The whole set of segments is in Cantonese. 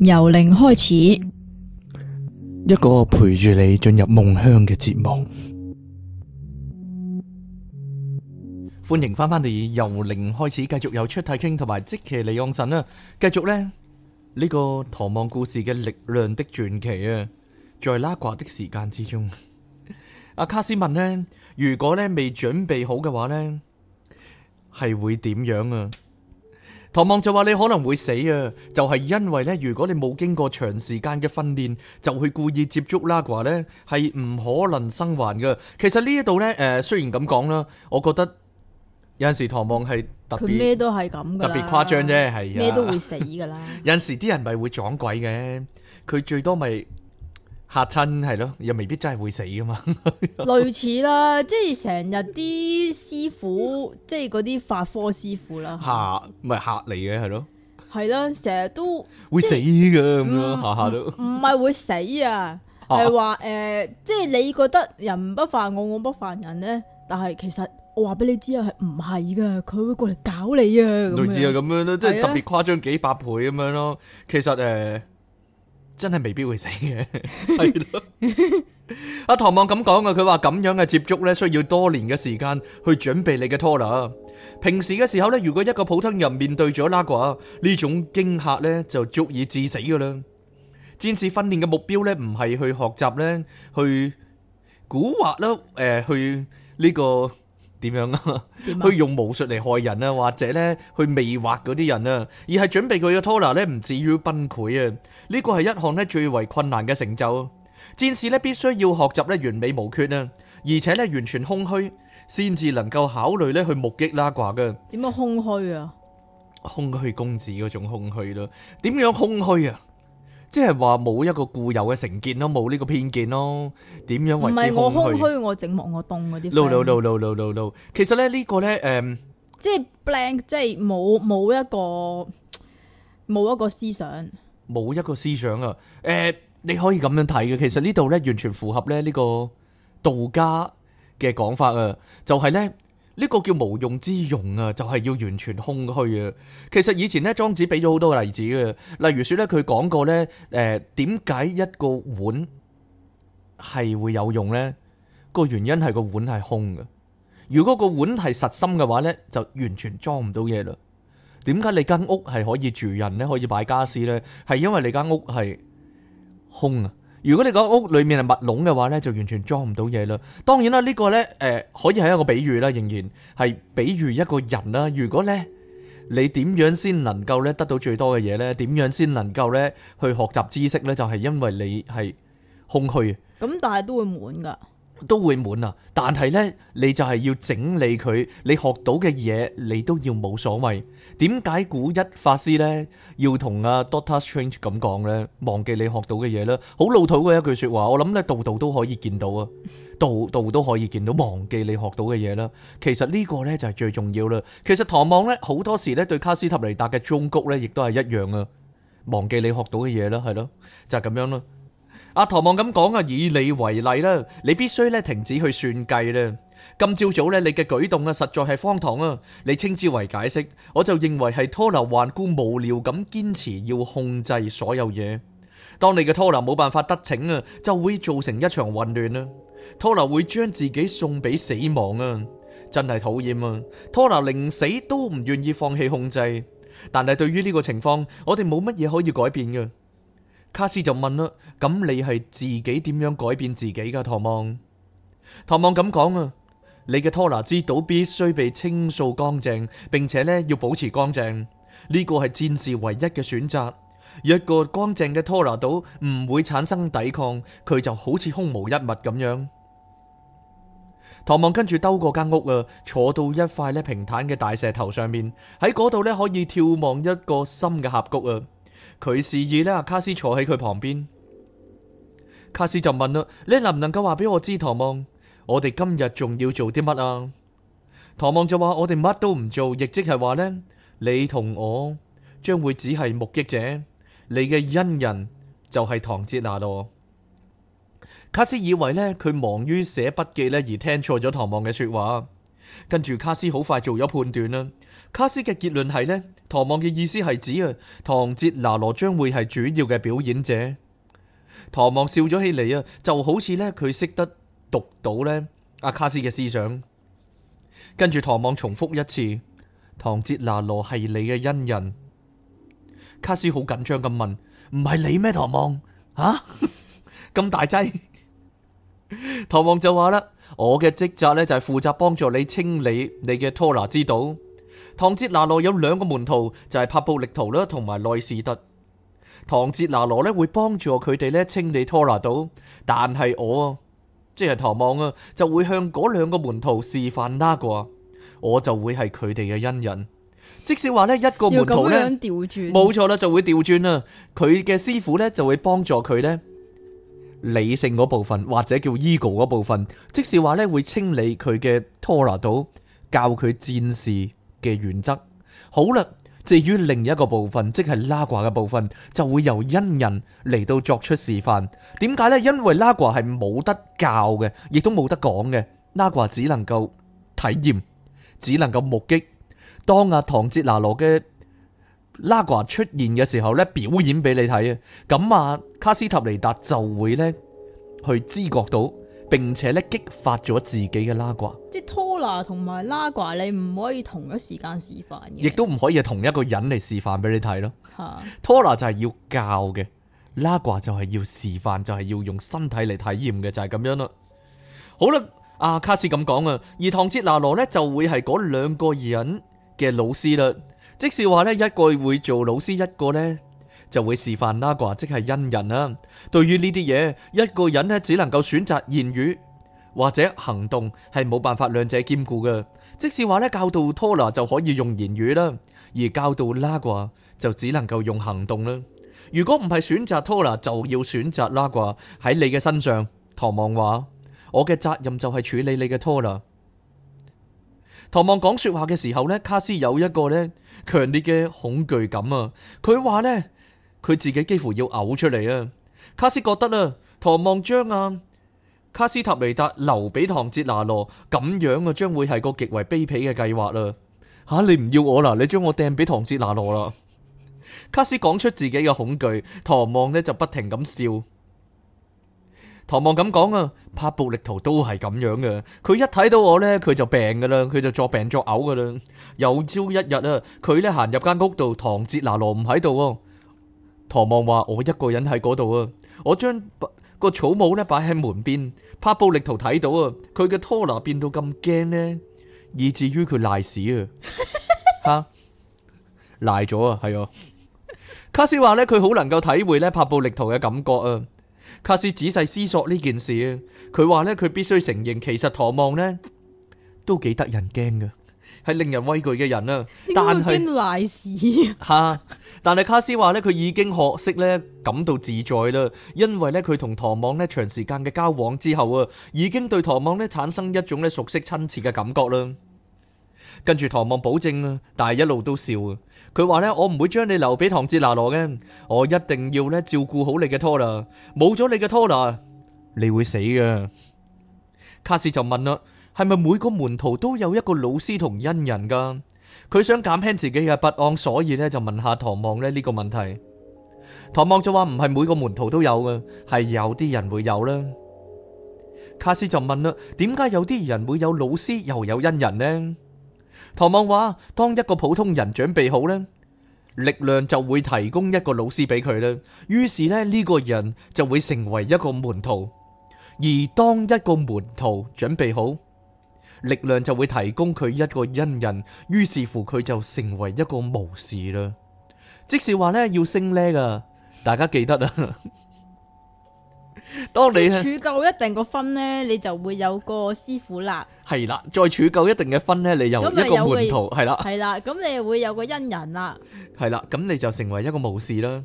由零開始，一個陪住你進入夢鄉嘅節目，歡迎翻翻嚟。由零開始，繼續有出體傾同埋即其李盎神啦、啊，繼續呢，呢、這個唐望故事嘅力量的傳奇啊，在拉掛的時間之中，阿 卡斯文呢，如果呢未準備好嘅話呢，係會點樣啊？唐望就話你可能會死啊！就係、是、因為咧，如果你冇經過長時間嘅訓練，就會故意接觸 Nagual 咧，係唔可能生還噶。其實呢一度咧，誒、呃，雖然咁講啦，我覺得有陣時唐望係特別，佢咩都係咁特別誇張啫，係啊咩都會死噶啦。 有陣時啲人咪會撞鬼嘅，佢最多咪、就是。嚇親係咯，又未必真係會死噶嘛。 類似啦，即係成日啲師傅， 即係嗰啲法科師傅啦，吓，咪嚇你嘅，係咯。係啦，成日都會死噶咁，嗯嗯，樣，下下都唔係，嗯，會死啊，係話誒，即係你覺得人不犯我，我不犯人咧，但係其實我話俾你知啊，係唔係噶，佢會過嚟搞你啊。類似係，咁樣咯，即係特別誇張幾百倍咁樣咯。其實誒。呃真係未必會死嘅，係咯？阿唐望咁講嘅，佢話咁樣嘅接觸咧，需要多年嘅時間去準備你嘅拖啦。平時嘅時候咧，如果一個普通人面對咗拉掛呢種驚吓咧，就足以致死噶啦。戰士訓練嘅目標咧，唔係去學習咧，去蠱惑啦，誒，去呢個。點樣啊？去用巫術嚟害人啊，或者咧去魅惑嗰啲人啊，而係準備佢嘅拖拿咧，唔至於崩潰啊。呢個係一項咧最為困難嘅成就。戰士咧必須要學習咧完美無缺啊，而且咧完全空虛，先至能夠考慮咧去目擊啦啩㗎。點樣空虛啊？空虛公子嗰種空虛咯？點樣空虛啊？即係話冇一個固有嘅成見咯，冇呢個偏見咯，點樣？唔係我空虛，我寂寞我凍嗰啲。No no no no no no no，其實咧呢個咧誒，即係 blank，即係冇冇一個冇一個思想，冇一個思想啊！誒，你可以咁樣睇嘅，其實呢度咧完全符合咧呢個道家嘅講法啊，就係咧。呢個叫無用之用啊，就係要完全空虛啊。其實以前咧，莊子俾咗好多例子啊，例如説咧，佢講過咧，誒點解一個碗係會有用咧？個原因係個碗係空嘅。如果個碗係實心嘅話咧，就完全裝唔到嘢嘞。點解你間屋係可以住人咧？可以擺家私咧？係因為你間屋係空啊。如果你個屋裏面係密籠嘅話咧，就完全裝唔到嘢啦。當然啦，呢個咧誒可以係一個比喻啦，仍然係比喻一個人啦。如果咧你點樣先能夠咧得到最多嘅嘢咧？點樣先能夠咧去學習知識咧？就係因為你係空虛。咁但係都會滿㗎。都會滿啊，但係咧，你就係要整理佢，你學到嘅嘢，你都要冇所謂。點解古一法師咧要同阿 Doctor Strange 咁講咧？忘記你學到嘅嘢啦，好老土嘅一句說話，我諗咧度度都可以見到啊，度度都可以見到忘記你學到嘅嘢啦。其實呢個咧就係最重要啦。其實唐望咧好多時咧對卡斯塔尼達嘅忠告咧亦都係一樣啊，忘記你學到嘅嘢啦，係咯，就係咁樣咯。阿唐望咁講啊，以你為例啦，你必須咧停止去算計啦。今朝早咧，你嘅舉動啊，實在係荒唐啊。你稱之為解釋，我就認為係拖留頑固、無聊咁堅持要控制所有嘢。當你嘅拖留冇辦法得逞啊，就會造成一場混亂啊。拖留會將自己送俾死亡啊！真係討厭啊！拖留寧死都唔願意放棄控制，但係對於呢個情況，我哋冇乜嘢可以改變噶。卡斯就問啦：咁你係自己點樣改變自己噶？唐望，唐望咁講啊，你嘅拖拿之島必須被清掃乾淨，並且咧要保持乾淨。呢個係戰士唯一嘅選擇。一個乾淨嘅拖拿島唔會產生抵抗，佢就好似空無一物咁樣。唐望跟住兜過間屋啊，坐到一塊咧平坦嘅大石頭上面，喺嗰度咧可以眺望一個深嘅峽谷啊。佢示意呢阿卡斯坐喺佢旁邊。卡斯就問啦：你能唔能夠話俾我知，唐望，我哋今日仲要做啲乜啊？唐望就話：我哋乜都唔做，亦即係話呢，你同我將會只係目擊者。你嘅恩人就係唐哲娜咯。卡斯以為呢，佢忙於寫筆記呢，而聽錯咗唐望嘅說話，跟住卡斯好快做咗判斷啦。卡斯嘅結論係呢：唐望嘅意思係指啊，唐哲拿羅將會係主要嘅表演者。唐望笑咗起嚟啊，就好似呢，佢識得讀到呢，阿卡斯嘅思想。跟住唐望重複一次，唐哲拿羅係你嘅恩人。卡斯好緊張咁問：唔係你咩？唐望？吓？咁大劑？唐望就話啦：我嘅職責呢，就係負責幫助你清理你嘅托拿之島。唐哲拿羅有兩個門徒，就係帕布力圖啦，同埋內士特。唐哲拿羅咧會幫助佢哋咧清理拖拿島，但係我啊，即係唐望啊，就會向嗰兩個門徒示範啦啩，我就會係佢哋嘅恩人，即係話呢一個門徒咧冇錯啦，就會調轉啦，佢嘅師傅咧就會幫助佢咧理性嗰部分或者叫 ego 嗰部分，即係話咧會清理佢嘅拖拿島，教佢戰士。嘅原則，好啦，至於另一個部分，即係拉掛嘅部分，就會由恩人嚟到作出示範。點解呢？因為拉掛係冇得教嘅，亦都冇得講嘅。拉掛只能夠體驗，只能夠目擊。當阿、啊、唐哲拿羅嘅拉掛出現嘅時候咧，表演俾你睇啊，咁啊，卡斯塔尼達就會咧去知覺到，並且咧激發咗自己嘅拉掛。托拿同埋拉掛，你唔可以同一時間示範嘅，亦都唔可以係同一個人嚟示範俾你睇咯。哈！托拿就係要教嘅，拉掛就係要示範，就係要用身體嚟體驗嘅，就係咁樣啦。好啦，阿卡斯咁講啊，而唐哲拿羅咧就會係嗰兩個人嘅老師啦。即是話咧，一個會做老師，一個咧就會示範拉掛，即係恩人啦。對於呢啲嘢，一個人咧只能夠選擇言語，或者行動係冇辦法兩者兼顧嘅，即使話咧教導拖拉就可以用言語啦，而教導拉掛就只能夠用行動啦。如果唔係選擇拖拉，就要選擇拉掛喺你嘅身上。唐望話：我嘅責任就係處理你嘅拖拉。唐望講說話嘅時候呢，卡斯有一個呢強烈嘅恐懼感啊！佢話呢，佢自己幾乎要嘔出嚟啊！卡斯覺得啊，唐望將眼、啊。卡斯塔維達留俾唐哲拿羅，咁樣啊，將會係個極為卑鄙嘅計劃啊！吓，你唔要我啦，你將我掟俾唐哲拿羅啦！卡斯講出自己嘅恐懼，唐望呢就不停咁笑。唐望咁講啊，帕布力圖都係咁樣嘅，佢一睇到我呢，佢就病噶啦，佢就作病作嘔噶啦。有朝一日啊，佢呢行入間屋度，唐哲拿羅唔喺度，啊。唐望話我一個人喺嗰度啊，我將個草帽咧擺喺門邊，帕布力圖睇到啊！佢嘅拖拿變到咁驚呢，以至於佢賴屎啊！吓，賴咗啊，係啊。卡斯話呢，佢好能夠體會呢，帕布力圖嘅感覺啊！卡斯仔細思索呢件事啊，佢話呢，佢必須承認，其實唐望呢，都幾得人驚噶。係令人畏懼嘅人啦，但係驚到賴屎啊！吓，但係卡斯話咧，佢已經學識咧感到自在啦，因為咧佢同唐望咧長時間嘅交往之後啊，已經對唐望咧產生一種咧熟悉親切嘅感覺啦。跟住唐望保證啊，但係一路都笑啊，佢話咧，我唔會將你留俾唐哲拿羅嘅，我一定要咧照顧好你嘅拖羅，冇咗你嘅拖羅，你會死㗎。卡斯就問啦。係咪每個門徒都有一個老師同恩人噶？佢想減輕自己嘅不安，所以咧就問下唐望咧呢個問題。唐望就話唔係每個門徒都有嘅，係有啲人會有啦。卡斯就問啦，點解有啲人會有老師又有恩人呢？唐望話：當一個普通人準備好咧，力量就會提供一個老師俾佢啦。於是咧呢個人就會成為一個門徒，而當一個門徒準備好。力量就會提供佢一個恩人，於是乎佢就成為一個武士啦。即是話咧，要升呢，噶，大家記得啊。當你儲夠一定個分咧，你就會有個師傅啦。係啦，再儲夠一定嘅分咧，你又一個門徒係啦。係啦，咁你會有個恩人啦。係啦，咁你就成為一個武士啦。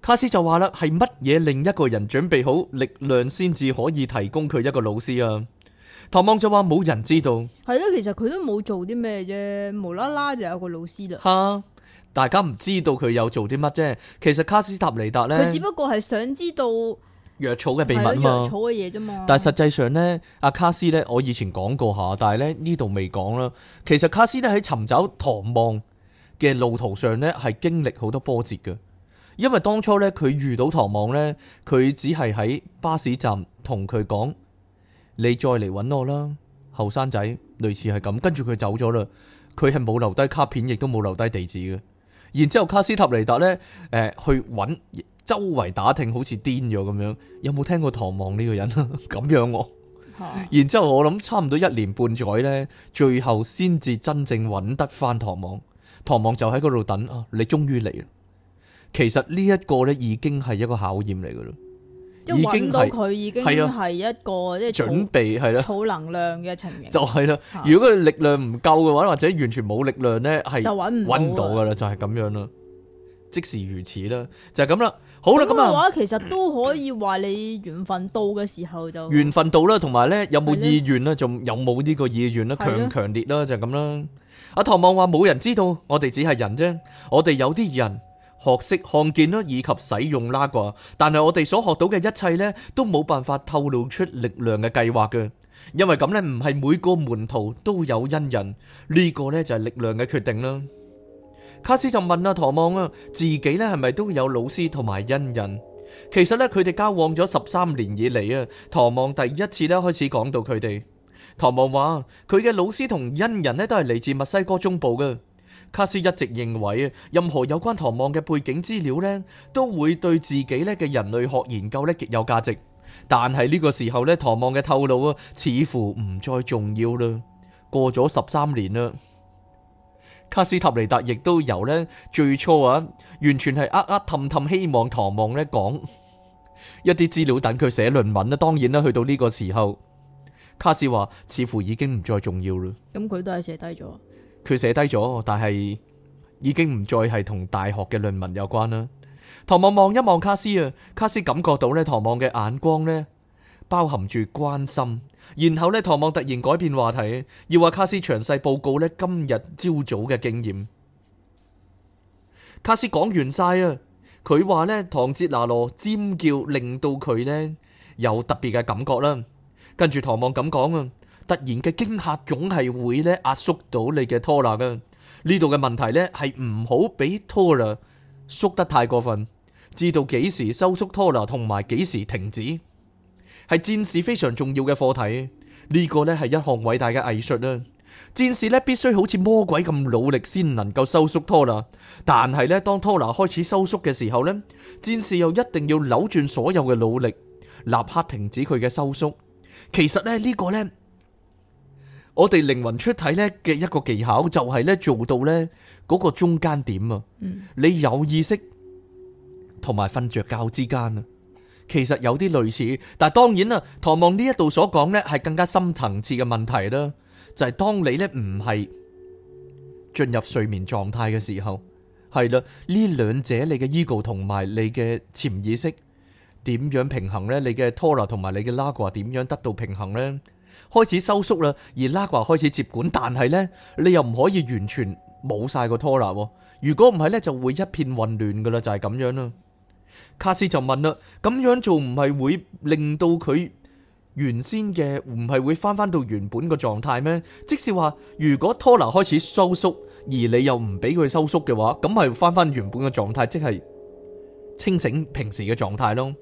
卡斯就話啦，係乜嘢令一個人準備好，力量先至可以提供佢一個老師啊？唐望就話冇人知道，係咯，其實佢都冇做啲咩啫，無啦啦就有個老師啦。吓，大家唔知道佢有做啲乜啫。其實卡斯塔尼達呢，佢只不過係想知道藥草嘅秘密啊嘛，藥草嘅嘢啫嘛。但係實際上呢，阿卡斯呢，我以前講過下，但係咧呢度未講啦。其實卡斯呢，喺尋找唐望嘅路途上呢，係經歷好多波折嘅，因為當初呢，佢遇到唐望呢，佢只係喺巴士站同佢講。你再嚟揾我啦，後生仔，類似係咁，跟住佢走咗啦，佢係冇留低卡片，亦都冇留低地址嘅。然之後卡斯塔尼達呢，誒、呃、去揾周圍打聽，好似癲咗咁樣，有冇聽過唐望呢個人 啊？咁樣 然之後我諗差唔多一年半載呢，最後先至真正揾得翻唐望，唐望就喺嗰度等啊！你終於嚟，其實呢一個呢，已經係一個考驗嚟噶啦。即係揾到佢已經係一個即係準備，係啦，儲能量嘅情形。就係啦，如果佢力量唔夠嘅話，或者完全冇力量咧，係就揾唔揾唔到噶啦，就係咁樣啦。即是如此啦，就係咁啦。好啦，咁啊，其實都可以話你緣分到嘅時候就緣分到啦，同埋咧有冇意願啦，仲有冇呢個意願啦，強強烈啦，就係咁啦。阿唐望話冇人知道，我哋只係人啫，我哋有啲人。學識看見咯，以及使用啦啩。但係我哋所學到嘅一切咧，都冇辦法透露出力量嘅計劃嘅，因為咁咧唔係每個門徒都有恩人，呢個咧就係力量嘅決定啦。卡斯就問阿唐望啊，自己咧係咪都有老師同埋恩人？其實咧，佢哋交往咗十三年以嚟啊，唐望第一次咧開始講到佢哋。唐望話：佢嘅老師同恩人咧都係嚟自墨西哥中部嘅。卡斯一直認為啊，任何有關唐望嘅背景資料咧，都會對自己咧嘅人類學研究咧極有價值。但係呢個時候咧，唐望嘅透露啊，似乎唔再重要啦。過咗十三年啦，卡斯塔尼達亦都由咧最初啊，完全係呃呃氹氹希望唐望咧講 一啲資料等佢寫論文啦。當然啦，去到呢個時候，卡斯話似乎已經唔再重要啦。咁佢都係寫低咗。佢寫低咗，但係已經唔再係同大學嘅論文有關啦。唐望望一望卡斯啊，卡斯感覺到咧唐望嘅眼光咧，包含住關心。然後咧，唐望突然改變話題，要話卡斯詳細報告咧今日朝早嘅經驗。卡斯講完晒啊，佢話咧唐哲拿羅尖叫令到佢咧有特別嘅感覺啦。跟住唐望咁講啊。突然嘅驚嚇總係會咧，壓縮到你嘅拖拿噶。呢度嘅問題咧，係唔好俾拖拿縮得太過分，知道幾時收縮拖拿同埋幾時停止，係戰士非常重要嘅課題。呢個咧係一項偉大嘅藝術啊！戰士咧必須好似魔鬼咁努力先能夠收縮拖拿，但係咧當拖拿開始收縮嘅時候咧，戰士又一定要扭轉所有嘅努力，立刻停止佢嘅收縮。其實咧呢個咧。我哋靈魂出體咧嘅一個技巧就係咧做到咧嗰個中間點啊！你有意識同埋瞓著覺之間啊，其實有啲類似，但係當然啦，唐望呢一度所講咧係更加深層次嘅問題啦，就係當你咧唔係進入睡眠狀態嘅時候，係啦，呢兩者你嘅 ego 同埋你嘅潛意識點樣平衡咧？你嘅 tonal 同埋你嘅 nagual 啊，點樣得到平衡咧？開始收縮啦，而拉華開始接管，但係呢，你又唔可以完全冇晒個 Tora。如果唔係呢，就會一片混亂噶啦，就係咁樣咯。卡斯就問啦：咁樣做唔係會令到佢原先嘅唔係會翻翻到原本個狀態咩？即是話，如果 Tora 開始收縮，而你又唔俾佢收縮嘅話，咁係翻翻原本嘅狀態，即係清醒平時嘅狀態咯。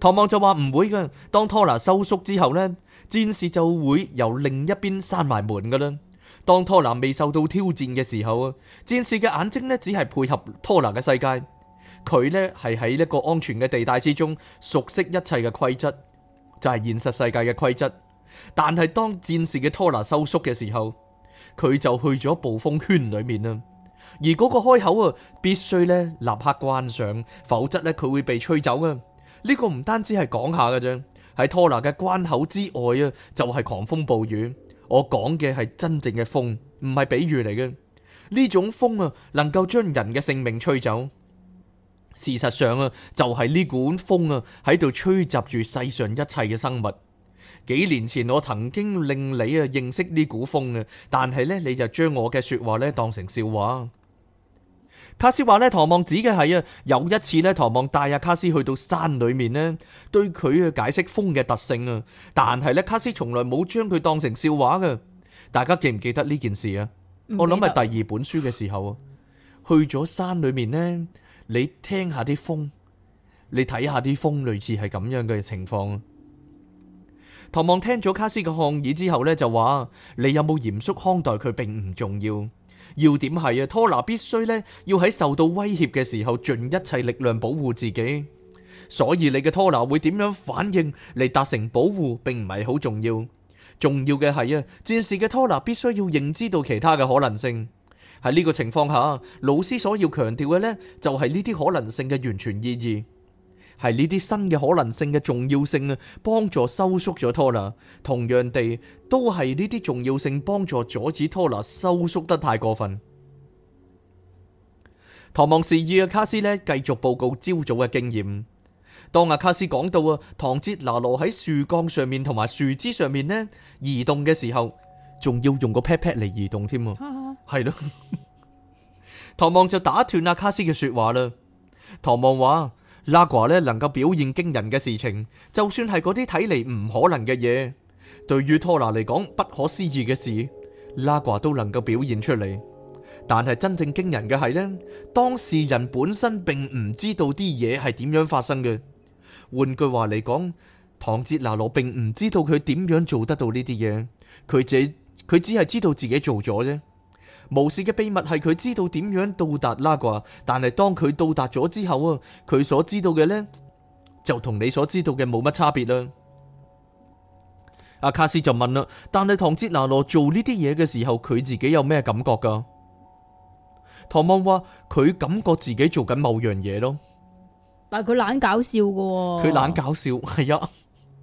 唐望就話唔會噶，當 Tora 收縮之後呢。戰士就會由另一邊閂埋門噶啦。當拖拿未受到挑戰嘅時候啊，戰士嘅眼睛咧只係配合拖拿嘅世界，佢咧係喺一個安全嘅地帶之中，熟悉一切嘅規則，就係、是、現實世界嘅規則。但係當戰士嘅拖拿收縮嘅時候，佢就去咗暴風圈裏面啦。而嗰個開口啊，必須咧立刻關上，否則咧佢會被吹走噶。呢、這個唔單止係講下噶啫。喺拖拿嘅關口之外啊，就係、是、狂風暴雨。我講嘅係真正嘅風，唔係比喻嚟嘅。呢種風啊，能夠將人嘅性命吹走。事實上啊，就係、是、呢股風啊，喺度吹襲住世上一切嘅生物。幾年前我曾經令你啊認識呢股風啊，但係呢，你就將我嘅說話呢當成笑話。卡斯話咧，唐望指嘅係啊，有一次咧，唐望帶阿卡斯去到山裏面呢，對佢嘅解釋風嘅特性啊，但係咧，卡斯從來冇將佢當成笑話嘅。大家記唔記得呢件事啊？我諗係第二本書嘅時候啊，去咗山裏面呢，你聽下啲風，你睇下啲風類似係咁樣嘅情況啊。唐望聽咗卡斯嘅抗議之後咧，就話，你有冇嚴肅看待佢並唔重要。要點係啊，拖拿必須呢，要喺受到威脅嘅時候盡一切力量保護自己，所以你嘅拖拿會點樣反應嚟達成保護，並唔係好重要。重要嘅係啊，戰士嘅拖拿必須要認知到其他嘅可能性。喺呢個情況下，老師所要強調嘅呢，就係呢啲可能性嘅完全意義。係呢啲新嘅可能性嘅重要性啊，幫助收縮咗拖拉。同樣地，都係呢啲重要性幫助阻止拖拉收縮得太過分。唐望示意阿卡斯咧繼續報告朝早嘅經驗。當阿卡斯講到啊，唐哲拿羅喺樹幹上面同埋樹枝上面呢移動嘅時候，仲要用個 pat pat 嚟移動添啊。係咯是的。 唐望就打斷阿卡斯嘅說話啦。唐望話。拉瓜咧能夠表現驚人嘅事情，就算係嗰啲睇嚟唔可能嘅嘢，對於拖拿嚟講不可思議嘅事，拉瓜都能夠表現出嚟。但係真正驚人嘅係呢，當事人本身並唔知道啲嘢係點樣發生嘅。換句話嚟講，唐哲拿羅並唔知道佢點樣做得到呢啲嘢，佢只佢只係知道自己做咗啫。無事嘅秘密係佢知道點樣到達啦啩，但係當佢到達咗之後啊，佢所知道嘅，呢就同你所知道嘅冇乜差別啦。阿卡斯就問啦，但係唐哲拿羅做呢啲嘢嘅時候，佢自己有咩感覺噶？唐望話佢感覺自己做緊某樣嘢咯，但係佢懶搞笑噶，佢懶搞笑係啊，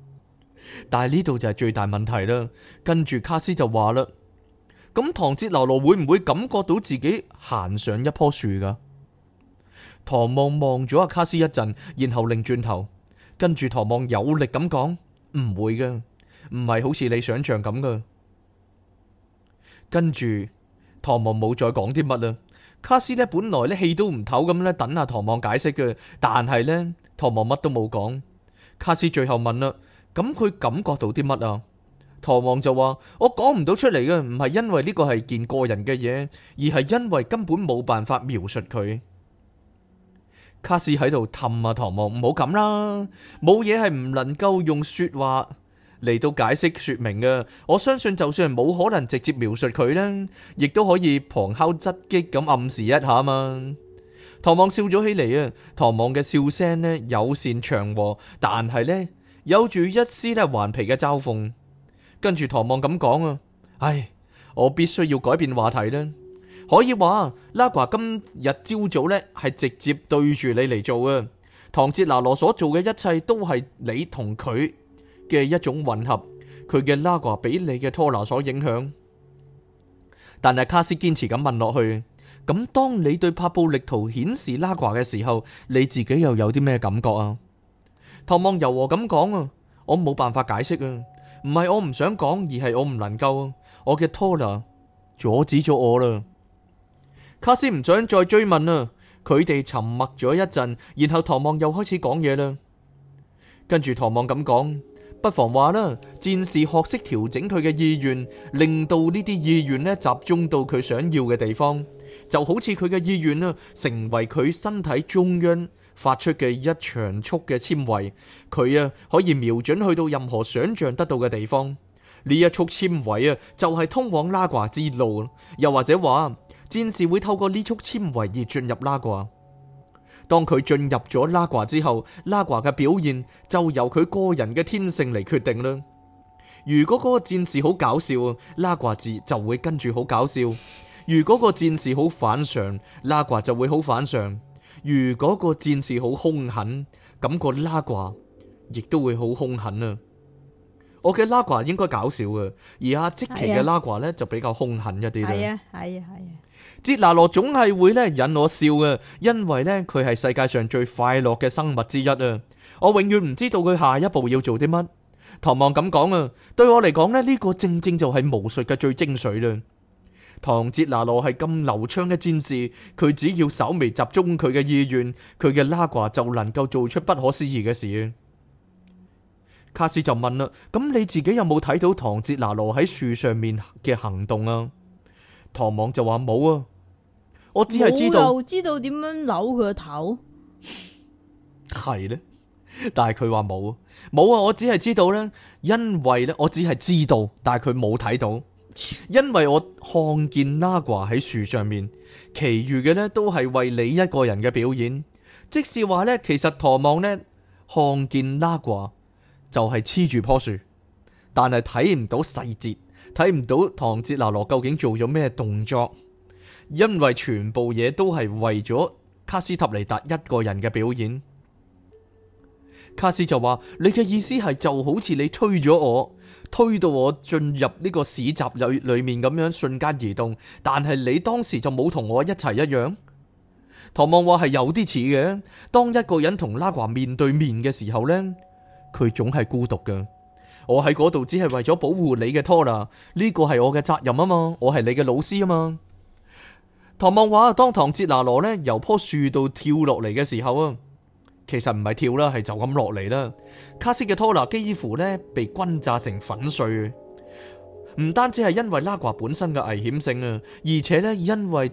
但係呢度就係最大問題啦。跟住卡斯就話啦。咁唐哲流露會唔會感覺到自己行上一棵樹噶？唐望望咗阿卡斯一陣，然後擰轉頭，跟住唐望有力咁講：唔會噶，唔係好似你想象咁噶。跟住唐望冇再講啲乜啦。卡斯咧本來咧氣都唔透咁咧，等下唐望解釋嘅，但係咧唐望乜都冇講。卡斯最後問啦：咁佢感覺到啲乜啊？唐望就話：我講唔到出嚟嘅，唔係因為呢個係件個人嘅嘢，而係因為根本冇辦法描述佢。卡士喺度氹啊，唐望唔好咁啦，冇嘢係唔能夠用說話嚟到解釋說明嘅。我相信就算係冇可能直接描述佢呢，亦都可以旁敲側擊咁暗示一下嘛。唐望笑咗起嚟啊，唐望嘅笑聲呢，友善祥和，但係呢有住一絲呢頑皮嘅嘲諷。跟住唐望咁講啊，唉，我必須要改變話題啦。可以話拉華今日朝早呢係直接對住你嚟做啊。唐哲拿羅所做嘅一切都係你同佢嘅一種混合，佢嘅拉華俾你嘅拖拿所影響。但係卡斯堅持咁問落去，咁當你對帕布力圖顯示拉華嘅時候，你自己又有啲咩感覺啊？唐望柔和咁講啊，我冇辦法解釋啊。唔係我唔想講，而係我唔能夠，我嘅拖拿阻止咗我啦。卡斯唔想再追問啦，佢哋沉默咗一陣，然後唐望又開始講嘢啦。跟住唐望咁講，不妨話啦，戰士學識調整佢嘅意願，令到呢啲意願咧集中到佢想要嘅地方，就好似佢嘅意願啦，成為佢身體中央，發出嘅一長束嘅纖維，佢啊可以瞄準去到任何想象得到嘅地方。呢一束纖維啊，就係通往拉掛之路。又或者話，戰士會透過呢束纖維而進入拉掛。當佢進入咗拉掛之後，拉掛嘅表現就由佢個人嘅天性嚟決定啦。如果嗰個戰士好搞笑，拉掛字就會跟住好搞笑。如果個戰士好反常，拉掛就會好反常。如果個戰士好兇狠，咁、那個拉掛亦都會好兇狠啊。我嘅拉掛應該搞笑嘅，而阿吉奇嘅拉掛呢，就比較兇狠一啲啦。係啊係啊係啊！傑、啊啊、拿羅總係會呢引我笑啊，因為呢，佢係世界上最快樂嘅生物之一啊！我永遠唔知道佢下一步要做啲乜，唐望咁講啊，對我嚟講呢，呢、這個正正就係巫術嘅最精髓啦。唐傑拿羅係咁流暢嘅戰士，佢只要稍微集中佢嘅意願，佢嘅拉瓜就能夠做出不可思議嘅事。卡斯就問啦：咁你自己有冇睇到唐傑拿羅喺樹上面嘅行動啊？唐望就話冇啊，我只係知道知道點樣扭佢個頭係 呢，但係佢話冇啊。冇啊，我只係知道呢，因為呢，我只係知道，但係佢冇睇到。因為我看見拉呱喺樹上面，其餘嘅呢都係為你一個人嘅表演。即是話呢，其實唐望呢，看見拉呱就係黐住棵樹，但係睇唔到細節，睇唔到唐哲拿羅究竟做咗咩動作，因為全部嘢都係為咗卡斯塔尼達一個人嘅表演。卡斯就話：你嘅意思係就好似你推咗我，推到我進入呢個市集裏裏面咁樣瞬間移動，但係你當時就冇同我一齊一樣。唐望話係有啲似嘅，當一個人同拉華面對面嘅時候呢，佢總係孤獨嘅。我喺嗰度只係為咗保護你嘅拖啦，呢個係我嘅責任啊嘛，我係你嘅老師啊嘛。唐望話：當唐哲拿羅呢由棵樹度跳落嚟嘅時候啊。其實唔係跳啦，係就咁落嚟啦。卡斯嘅拖拿幾乎咧被轟炸成粉碎。唔單止係因為拉瓜本身嘅危險性啊，而且呢，因為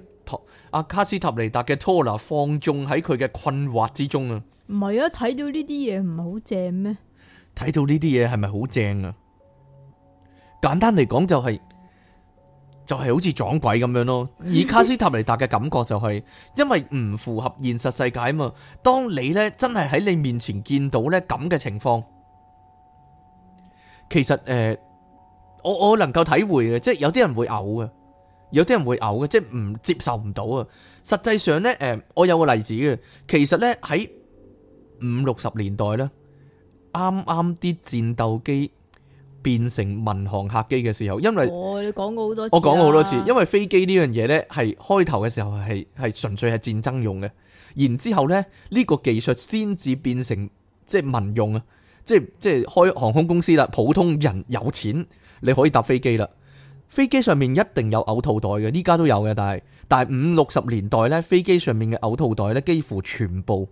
阿卡斯塔尼達嘅拖拿放縱喺佢嘅困惑之中啊。唔係啊，睇到呢啲嘢唔係好正咩？睇到呢啲嘢係咪好正啊？簡單嚟講就係、是。就係好似撞鬼咁樣咯，以卡斯塔尼達嘅感覺就係、是，因為唔符合現實世界啊嘛。當你呢真係喺你面前見到呢咁嘅情況，其實誒、呃，我我能夠體會嘅，即係有啲人會嘔嘅，有啲人會嘔嘅，即係唔接受唔到啊。實際上呢，誒、呃，我有個例子嘅，其實呢喺五六十年代咧，啱啱啲戰鬥機。變成民航客機嘅時候，因為我、哦、你講過好多次，我講過好多次，因為飛機呢樣嘢呢，係開頭嘅時候係係純粹係戰爭用嘅，然之後呢，呢、呢個技術先至變成即係民用啊，即係即開航空公司啦，普通人有錢你可以搭飛機啦。飛機上面一定有嘔吐袋嘅，依家都有嘅，但係但係五六十年代呢，飛機上面嘅嘔吐袋呢，幾乎全部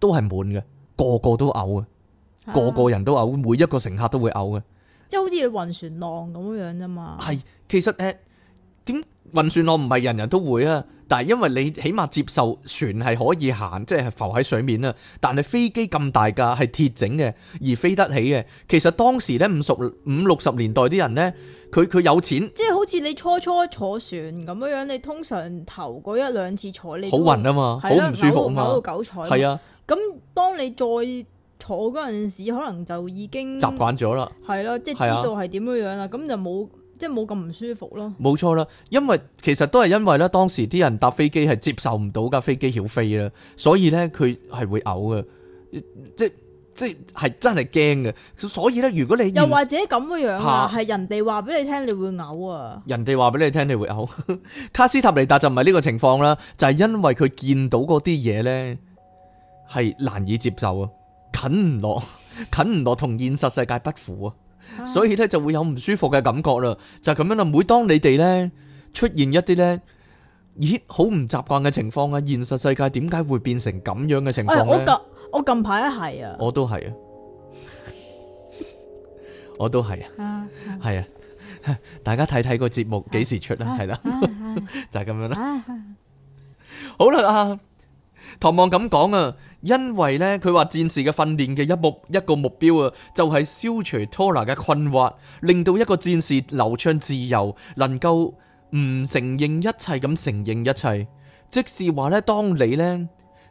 都係滿嘅，個個都嘔嘅。個個人都嘔，每一個乘客都會嘔嘅，即係好似你暈船浪咁樣樣啫嘛。係，其實誒，點，欸，暈船浪唔係人人都會啊，但係因為你起碼接受船係可以行，即係浮喺水面啦。但係飛機咁大架係鐵整嘅，而飛得起嘅。其實當時咧，五十五六十年代啲人咧，佢佢有錢，即係好似你初初坐船咁樣樣，你通常頭嗰一兩次坐呢，好暈啊嘛，好唔舒服啊嘛，搞到九彩係啊。咁當你再坐嗰陣時，可能就已經習慣咗啦，係咯，即係、就是、知道係點樣樣啦，咁、啊、就冇即係冇咁唔舒服咯。冇錯啦，因為其實都係因為咧，當時啲人搭飛機係接受唔到架飛機曉飛啦，所以咧佢係會嘔嘅，即即係真係驚嘅。所以咧，如果你又或者咁嘅樣啊，係怕人哋話俾你聽，你會嘔啊，人哋話俾你聽你會嘔。 卡斯塔尼達就唔係呢個情況啦，就係、是、因為佢見到嗰啲嘢咧係難以接受啊。近唔落，近唔落，同現實世界不符啊，所以咧就會有唔舒服嘅感覺啦，就係咁樣啦。每當你哋咧出現一啲咧，咦，好唔習慣嘅情況啊，現實世界點解會變成咁樣嘅情況咧？我近我近排啊係啊，我都係啊，我都係啊，係啊，大家睇睇個節目幾時出啦，係啦，就係咁樣啦，好啦，啊。唐望咁講啊，因為呢，佢話戰士嘅訓練嘅一目一個目標啊，就係消除拖拉嘅困惑，令到一個戰士流暢自由，能夠唔承認一切咁承認一切，即是話呢，當你呢，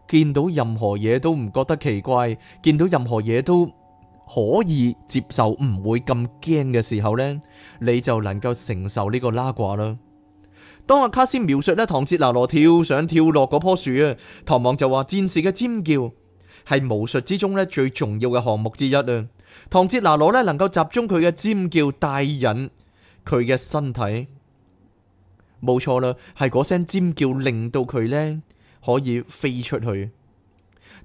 見到任何嘢都唔覺得奇怪，見到任何嘢都可以接受，唔會咁驚嘅時候呢，你就能夠承受呢個拉掛啦。當阿卡斯描述呢唐哲拿羅跳上跳落嗰棵樹啊，唐王就話戰士嘅尖叫係巫術之中咧最重要嘅項目之一啊。唐哲拿羅呢能夠集中佢嘅尖叫帶引佢嘅身體，冇錯啦，係嗰聲尖叫令到佢呢可以飛出去。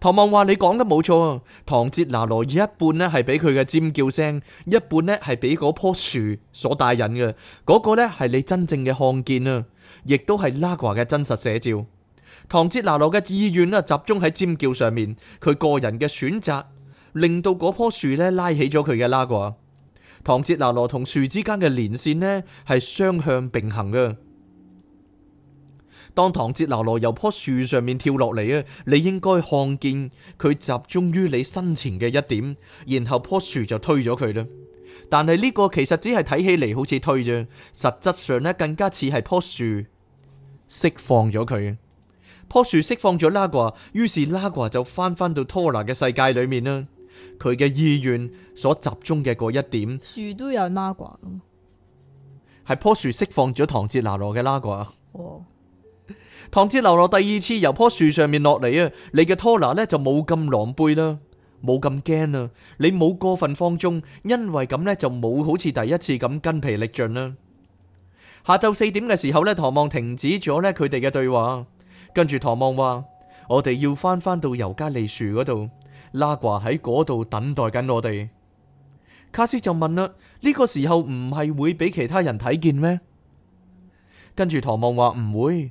唐望話：你講得冇錯，唐哲拿羅一半呢係俾佢嘅尖叫聲，一半呢係俾嗰棵樹所帶引嘅。嗰、那個呢係你真正嘅看見啊，亦都係拉瓜嘅真實寫照。唐哲拿羅嘅意願啦，集中喺尖叫上面，佢個人嘅選擇令到嗰棵樹呢拉起咗佢嘅拉瓜。唐哲拿羅同樹之間嘅連線呢係雙向並行嘅。當唐哲拿羅由棵樹上面跳落嚟啊，你應該看見佢集中於你身前嘅一點，然後棵樹就推咗佢啦。但係呢個其實只係睇起嚟好似推啫，實質上呢更加似係棵樹釋放咗佢。棵樹釋放咗拉掛，於是拉掛就翻返到托拿嘅世界裏面啦。佢嘅意願所集中嘅嗰一點，樹都有拉掛，係棵樹釋放咗唐哲拿羅嘅拉掛。哦唐傑流落第二次由棵樹上面落嚟啊！你嘅拖拿呢就冇咁狼狽啦，冇咁驚啦，你冇過分放縱，因為咁呢就冇好似第一次咁筋疲力盡啦。下晝四點嘅時候呢，唐望停止咗呢佢哋嘅對話，跟住唐望話：我哋要返返到尤加利樹嗰度，拉掛喺嗰度等待緊我哋。卡斯就問啦：呢個時候唔係會俾其他人睇見咩？跟住唐望話：唔會。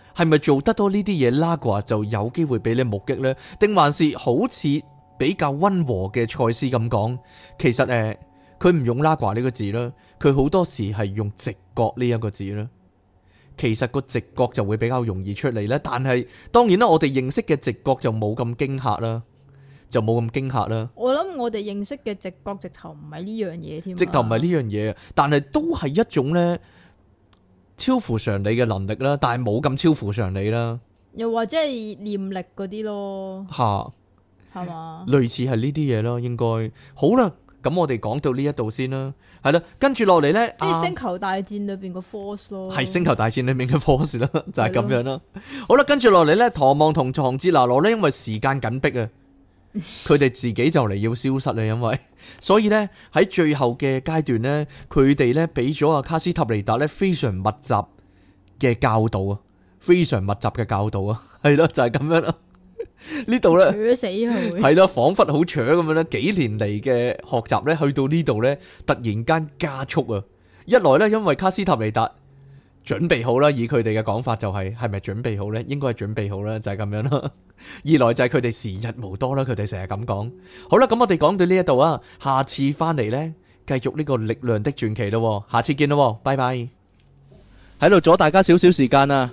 係咪做得多呢啲嘢 Nagual 就有機會俾你目擊呢？定還是好似比較溫和嘅賽斯咁講？其實誒，佢、呃、唔用 Nagual 呢個字啦，佢好多時係用直覺呢一個字啦。其實個直覺就會比較容易出嚟呢。但係當然啦，我哋認識嘅直覺就冇咁驚嚇啦，就冇咁驚嚇啦。我諗我哋認識嘅直覺直頭唔係呢樣嘢添，直頭唔係呢樣嘢，但係都係一種呢。超乎常理嘅能力啦，但係冇咁超乎常理啦。又或者係念力嗰啲咯，吓係嘛？吧類似係呢啲嘢啦，應該好啦。咁我哋講到呢一度先啦，係啦，跟住落嚟咧，即係星球大戰裏邊嘅 force 咯，係星球大戰裏面嘅 force 啦，就係、是、咁樣啦。咯好啦，跟住落嚟咧，唐望同唐哲拿羅咧，因為時間緊迫啊。佢哋自己就嚟要消失啦，因為所以呢，喺最後嘅階段呢，佢哋呢俾咗阿卡斯塔尼達呢非常密集嘅教導啊，非常密集嘅教導啊，係咯就係、是、咁樣咯，呢度呢，死佢係咯，仿佛好蠢咁樣呢，幾年嚟嘅學習呢，去到呢度呢，突然間加速啊，一來呢，因為卡斯塔尼達。準備好啦，以佢哋嘅講法就係係咪準備好呢？應該係準備好啦，就係咁樣啦。 二來就係佢哋時日無多啦，佢哋成日咁講。好啦，咁我哋講到呢一度啊，下次翻嚟呢，繼續呢個力量的傳奇咯。下次見啦，拜拜。喺度阻大家少少時間啊！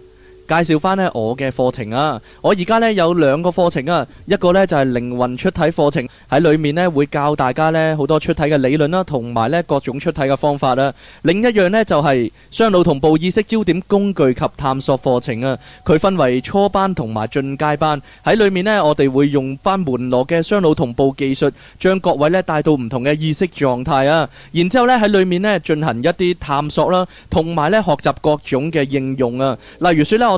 介紹翻咧我嘅課程啊！我而家咧有兩個課程啊，一個咧就係靈魂出體課程，喺裡面咧會教大家咧好多出體嘅理論啦，同埋咧各種出體嘅方法啦。另一樣咧就係雙腦同步意識焦點工具及探索課程啊。佢分為初班同埋進階班，喺裡面咧我哋會用翻門羅嘅雙腦同步技術，將各位咧帶到唔同嘅意識狀態啊。然之後咧喺裡面咧進行一啲探索啦，同埋咧學習各種嘅應用啊。例如説咧我。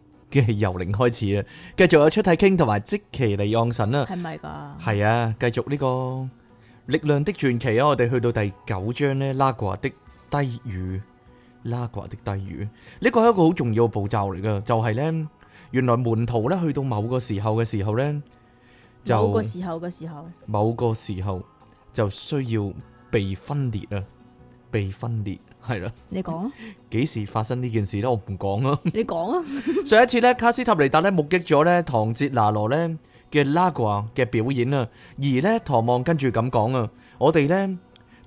即係由零開始啊！繼續有出體傾同埋即其嚟讓神啦，係咪噶？係啊，繼續呢個力量的傳奇啊！我哋去到第九章呢，Nagual 的低語，Nagual 的低語，呢個係一個好重要步驟嚟噶，就係呢，原來門徒呢去到某個時候嘅時候呢，某個時候嘅時候，某個時候就需要被分裂啊，被分裂。係咯，你講啊？幾 時發生呢件事咧？我唔講啊，你講啊！上一次咧，卡斯塔尼達咧目擊咗咧唐哲拿羅咧嘅拉 a 嘅表演啊。而咧唐望跟住咁講啊，我哋咧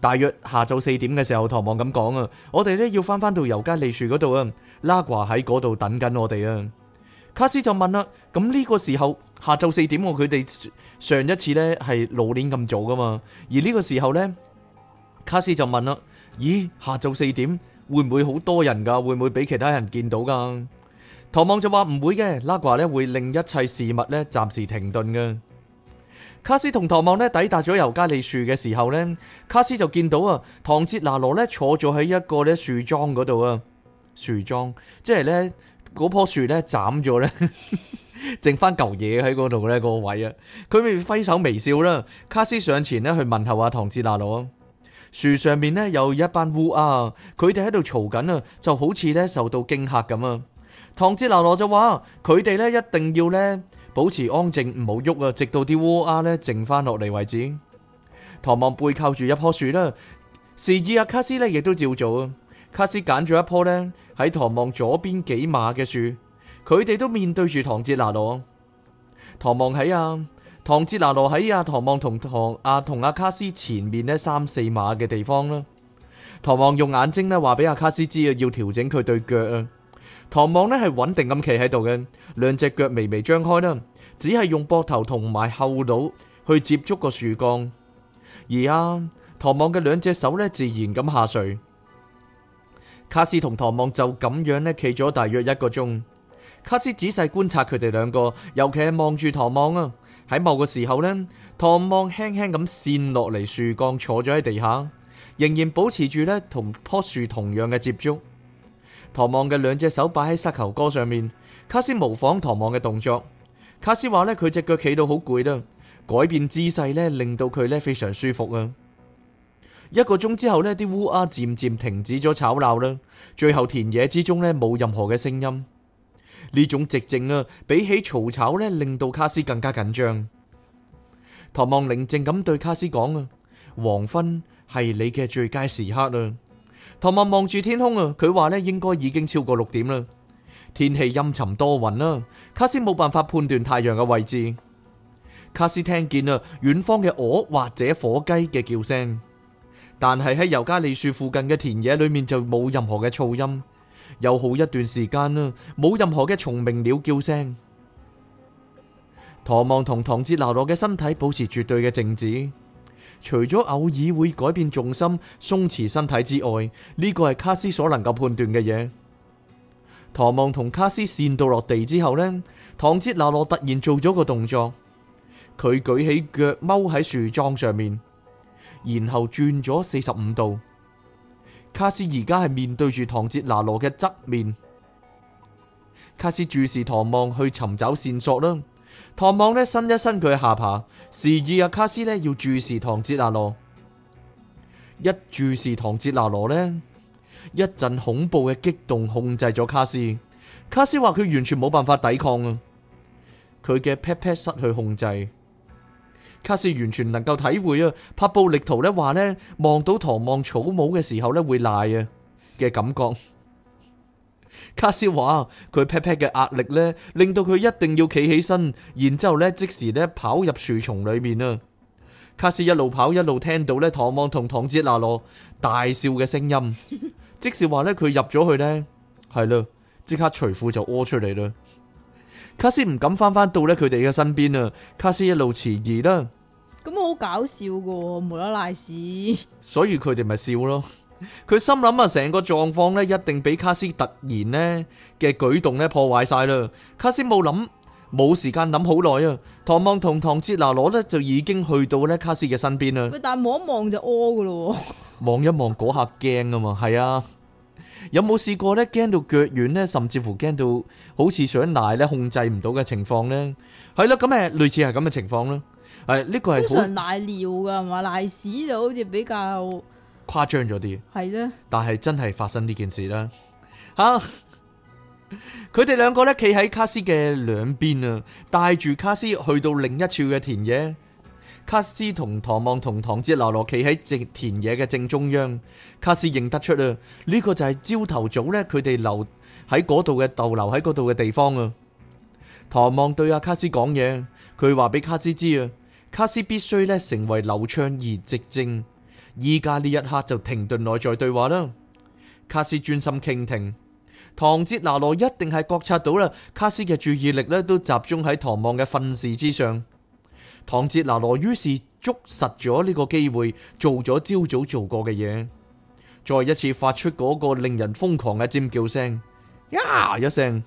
大約下晝四點嘅時候，唐望咁講啊，我哋咧要翻翻到尤加利樹嗰度啊，拉 a 喺嗰度等緊我哋啊。卡斯就問啦，咁呢個時候下晝四點我佢哋上一次咧係老臉咁早噶嘛？而呢個時候咧，卡斯就問啦。咦，下晝四點會唔會好多人噶會唔會俾其他人見到噶唐望就話唔會嘅，拉瓜咧會令一切事物咧暫時停頓嘅。卡斯同唐望呢，抵達咗尤加利樹嘅時候呢，卡斯就見到啊，唐哲拿羅呢坐咗喺一個咧樹樁嗰度啊，樹樁即係呢，嗰棵樹咧斬咗咧，剩翻嚿嘢喺嗰度咧個位啊，佢咪揮手微笑啦。卡斯上前呢，去問候下唐哲拿羅。樹上面咧有一班烏鴉，佢哋喺度嘈緊啊，就好似咧受到驚吓咁啊！唐哲娜羅就話：佢哋咧一定要咧保持安靜，唔好喐啊，直到啲烏鴉咧靜翻落嚟為止。唐望背靠住一棵樹啦，士依阿卡斯咧亦都照做啊。卡斯揀咗一棵咧喺唐望左邊幾碼嘅樹，佢哋都面對住唐哲娜羅。唐望喺啊。唐杰拿羅喺阿唐望同唐阿同阿卡斯前面咧三四碼嘅地方啦。唐望用眼睛咧話俾阿卡斯知啊，要調整佢對腳啊。唐望咧係穩定咁企喺度嘅，兩隻腳微微張開啦，只係用膊頭同埋後腦去接觸個樹幹，而阿唐望嘅兩隻手咧自然咁下垂。卡斯同唐望就咁樣咧企咗大約一個鐘。卡斯仔細觀察佢哋兩個，尤其係望住唐望啊。喺某個時候呢，唐望輕輕咁跣落嚟樹幹，坐咗喺地下，仍然保持住呢同樖樹同樣嘅接觸。唐望嘅兩隻手擺喺膝頭哥上面，卡斯模仿唐望嘅動作。卡斯話呢佢隻腳企到好攰啦，改變姿勢呢令到佢呢非常舒服啊。一個鐘之後呢啲烏鴉漸漸停止咗吵鬧啦，最後田野之中呢冇任何嘅聲音。呢種寂靜啊，比起嘈吵咧，令到卡斯更加緊張。唐望寧靜咁對卡斯講啊，黃昏係你嘅最佳時刻啊。唐望望住天空啊，佢話咧應該已經超過六點啦。天氣陰沉多雲啦、啊，卡斯冇辦法判斷太陽嘅位置。卡斯聽見啊，遠方嘅鵝、哦、或者火雞嘅叫聲，但係喺尤加利樹附近嘅田野裏面就冇任何嘅噪音。有好一段時間啦，冇任何嘅蟲鳴鳥叫聲。唐望同唐哲拿羅嘅身體保持絕對嘅靜止，除咗偶爾會改變重心、鬆弛身體之外，呢個係卡斯所能夠判斷嘅嘢。唐望同卡斯扇到落地之後呢，唐哲拿羅突然做咗個動作，佢舉起腳踎喺樹樁上面，然後轉咗四十五度。卡斯而家係面對住唐哲拿羅嘅側面，卡斯注視唐望去尋找線索啦。唐望咧伸一伸佢下巴，示意阿卡斯咧要注視唐哲拿羅。一注視唐哲拿羅呢，一陣恐怖嘅激動控制咗卡斯。卡斯話佢完全冇辦法抵抗啊，佢嘅 pet pet 失去控制。卡斯完全能夠體會啊，拍布力圖呢話呢，望到唐望草帽嘅時候呢會賴啊嘅感覺。卡斯話佢劈 a 嘅壓力呢令到佢一定要企起身，然之後咧即時呢跑入樹叢裏面啊。卡斯一路跑一路聽到呢唐望同唐杰娜羅大笑嘅聲音，即時話呢佢入咗去呢，係啦，即刻除褲就屙出嚟啦。卡斯唔敢翻返到呢佢哋嘅身邊啊，卡斯一路遲疑啦。咁好搞笑噶，無啦賴屎！所以佢哋咪笑咯。佢心諗啊，成個狀況咧，一定俾卡斯突然咧嘅舉動咧破壞晒啦。卡斯冇諗，冇時間諗好耐啊。唐望同唐哲拿羅咧就已經去到咧卡斯嘅身邊啦。但望一望就屙噶咯。望一望嗰下驚啊嘛，係啊。有冇試過咧？驚到腳軟咧，甚至乎驚到好似想瀨咧，控制唔到嘅情況咧？係啦，咁誒，類似係咁嘅情況啦。誒，呢、哎這個係好難尿噶，係嘛？賴屎就好似比較誇張咗啲，係啦。的但係真係發生呢件事啦，吓、啊！佢哋兩個咧，企喺卡斯嘅兩邊啊，帶住卡斯去到另一處嘅田野。卡斯同唐望同唐哲、劉羅企喺正田野嘅正中央。卡斯認得出啊，呢、這個就係朝頭早咧，佢哋留喺嗰度嘅逗留喺嗰度嘅地方啊。唐望對阿卡斯講嘢，佢話俾卡斯知啊。卡斯必須咧成為流暢而寂靜，依家呢一刻就停頓內在對話啦。卡斯專心傾聽，唐哲拿羅一定係覺察到啦，卡斯嘅注意力咧都集中喺唐望嘅訓示之上。唐哲拿羅於是捉實咗呢個機會，做咗朝早做過嘅嘢，再一次發出嗰個令人瘋狂嘅尖叫聲，呀，Yeah. 一聲。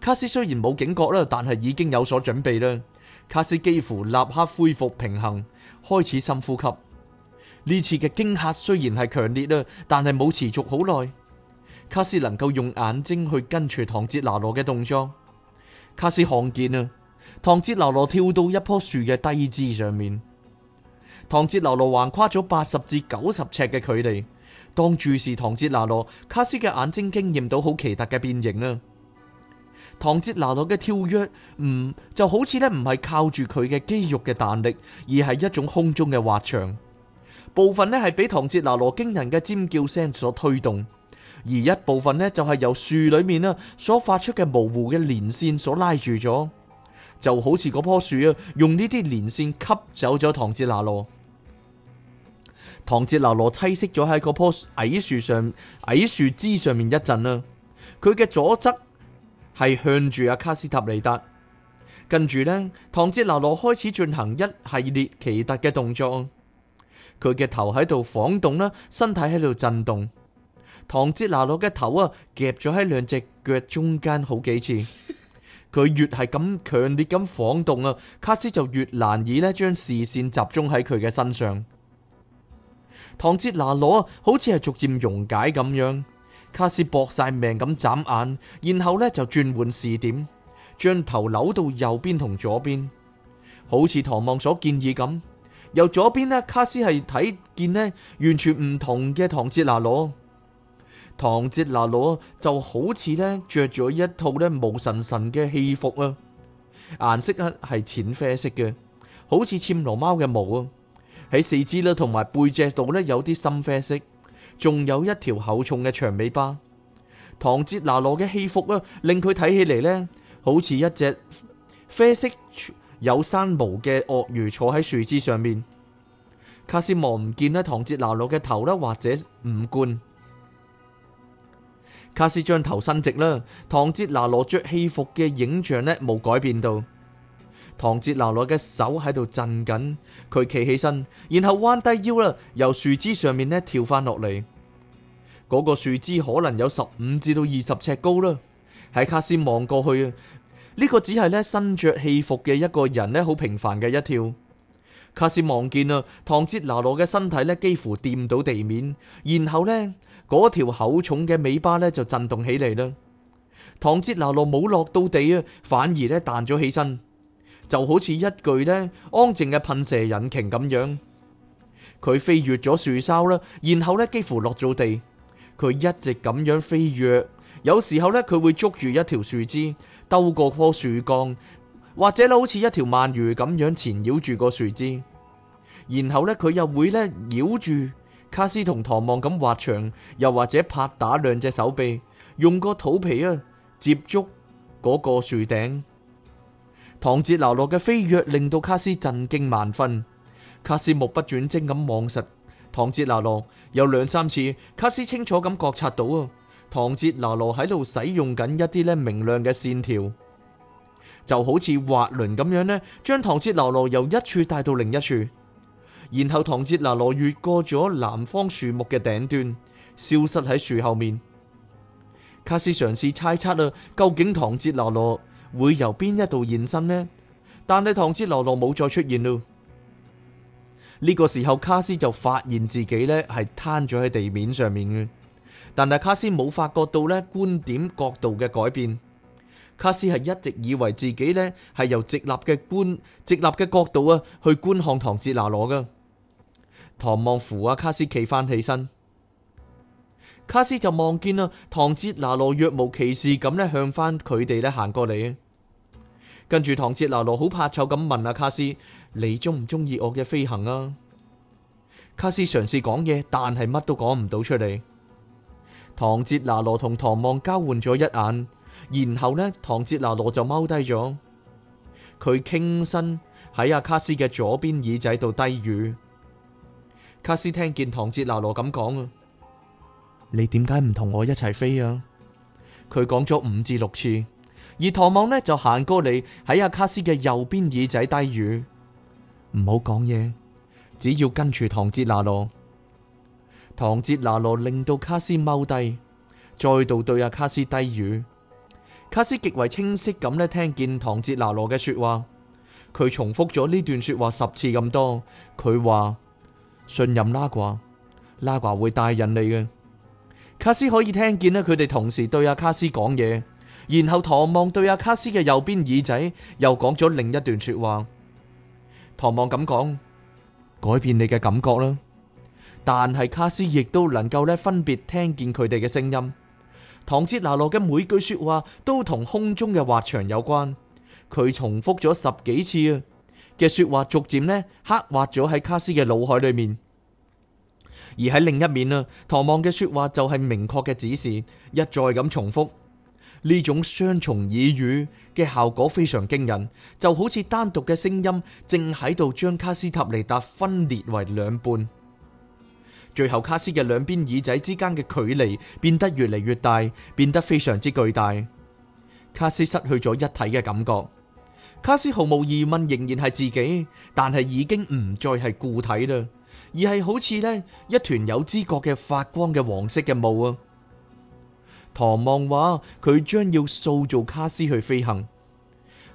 卡斯雖然冇警覺啦，但係已經有所準備啦。卡斯幾乎立刻恢復平衡，開始深呼吸。呢次嘅驚嚇雖然係強烈啦，但係冇持續好耐。卡斯能夠用眼睛去跟隨唐哲拿羅嘅動作。卡斯看見啦，唐哲拿羅跳到一棵樹嘅低枝上面。唐哲拿羅橫跨咗八十至九十尺嘅距離。當注視唐哲拿羅，卡斯嘅眼睛經驗到好奇特嘅變形啦。唐哲拿羅嘅跳躍，嗯，就好似咧唔係靠住佢嘅肌肉嘅彈力，而係一種空中嘅滑翔。部分呢係俾唐哲拿羅驚人嘅尖叫聲所推動，而一部分呢就係由樹裏面啊所發出嘅模糊嘅連綫所拉住咗，就好似嗰棵樹啊用呢啲連綫吸走咗唐哲拿羅。唐哲拿羅棲息咗喺嗰棵矮樹上、矮樹枝上面一陣啦，佢嘅左側，係向住阿卡斯塔利達，跟住呢，唐哲拿羅開始進行一系列奇特嘅動作，佢嘅頭喺度晃動啦，身體喺度震動。唐哲拿羅嘅頭啊，夾咗喺兩隻腳中間好幾次，佢越係咁強烈咁晃動啊，卡斯就越難以呢將視線集中喺佢嘅身上。唐哲拿羅好似係逐漸溶解咁樣。卡斯搏晒命咁眨眼，然後咧就轉換視點，將頭扭到右邊同左邊，好似唐望所建議咁。由左邊呢，卡斯係睇見咧完全唔同嘅唐哲拿羅。唐哲拿羅就好似呢着咗一套呢毛神神嘅戲服啊，顏色啊係淺啡色嘅，好似暹羅貓嘅毛啊，喺四肢咧同埋背脊度呢有啲深啡色。仲有一條厚重嘅長尾巴，唐哲拿羅嘅戲服啊，令佢睇起嚟呢，好似一隻啡色有山毛嘅鱷魚坐喺樹枝上面。卡斯望唔見呢唐哲拿羅嘅頭啦、啊、或者五官。卡斯將頭伸直啦，唐哲拿羅着戲服嘅影像呢，冇改變到。唐哲拿羅嘅手喺度震緊，佢企起身，然後彎低腰啦，由樹枝上面咧跳翻落嚟。嗰、那個樹枝可能有十五至到二十尺高啦。喺卡斯望過去啊，呢、這個只係咧身着戲服嘅一個人咧，好平凡嘅一跳。卡斯望見啊，唐哲拿羅嘅身體咧幾乎掂到地面，然後呢，嗰條厚重嘅尾巴呢就震動起嚟啦。唐哲拿羅冇落到地啊，反而咧彈咗起身。就好似一具呢，「安靜嘅噴射引擎咁樣，佢飛越咗樹梢啦，然後咧幾乎落咗地，佢一直咁樣飛躍，有時候咧佢會捉住一條樹枝，兜過棵樹幹，或者好似一條鰻魚咁樣纏繞住個樹枝，然後咧佢又會咧繞住卡斯同唐望咁滑翔，又或者拍打兩隻手臂，用個肚皮啊接觸嗰個樹頂。唐哲拿羅嘅飛躍令到卡斯震驚萬分，卡斯目不轉睛咁望實唐哲拿羅。有兩三次，卡斯清楚咁覺察到啊，唐哲拿羅喺度使用緊一啲咧明亮嘅線條，就好似滑輪咁樣呢，將唐哲拿羅由一處帶到另一處。然後唐哲拿羅越過咗南方樹木嘅頂端，消失喺樹後面。卡斯嘗試猜測啊，究竟唐哲拿羅會由邊一度現身呢？但係唐哲羅羅冇再出現咯。呢個時候，卡斯就發現自己咧係攤咗喺地面上面嘅。但係卡斯冇發覺到咧觀點角度嘅改變。卡斯係一直以為自己咧係由直立嘅觀直立嘅角度啊去觀看唐哲羅羅噶。唐望扶阿卡斯企翻起身，卡斯就望見啦，唐哲羅羅若無其事咁咧向翻佢哋咧行過嚟。跟住唐哲拿羅好怕醜咁問阿、啊、卡斯：你中唔中意我嘅飛行啊？卡斯嘗試講嘢，但係乜都講唔到出嚟。唐哲拿羅同唐望交換咗一眼，然後呢，唐哲拿羅就踎低咗。佢傾身喺阿、啊、卡斯嘅左邊耳仔度低語。卡斯聽見唐哲拿羅咁講：你點解唔同我一齊飛啊？佢講咗五至六次。而唐望呢就行過嚟喺阿卡斯嘅右邊耳仔低語，唔好講嘢，只要跟住唐哲拿羅。唐哲拿羅令到卡斯踎低，再度對阿卡斯低語。卡斯極為清晰咁呢聽見唐哲拿羅嘅說話，佢重複咗呢段說話十次咁多。佢話信任拉掛，拉掛會帶引你嘅。卡斯可以聽見呢佢哋同時對阿卡斯講嘢。然後唐望對阿卡斯嘅右邊耳仔又講咗另一段說話。唐望咁講，改變你嘅感覺啦。但係卡斯亦都能夠咧分別聽見佢哋嘅聲音。唐哲拿羅嘅每句說話都同空中嘅滑翔有關。佢重複咗十幾次嘅說話，逐漸呢刻劃咗喺卡斯嘅腦海裏面。而喺另一面啦，唐望嘅說話就係明確嘅指示，一再咁重複。呢種雙重耳語嘅效果非常驚人，就好似單獨嘅聲音正喺度將卡斯塔尼達分裂為兩半。最後，卡斯嘅兩邊耳仔之間嘅距離變得越嚟越大，變得非常之巨大。卡斯失去咗一體嘅感覺。卡斯毫無疑問仍然係自己，但係已經唔再係固體啦，而係好似呢，一團有知覺嘅發光嘅黃色嘅霧啊！唐望話佢將要塑造卡斯去飛行，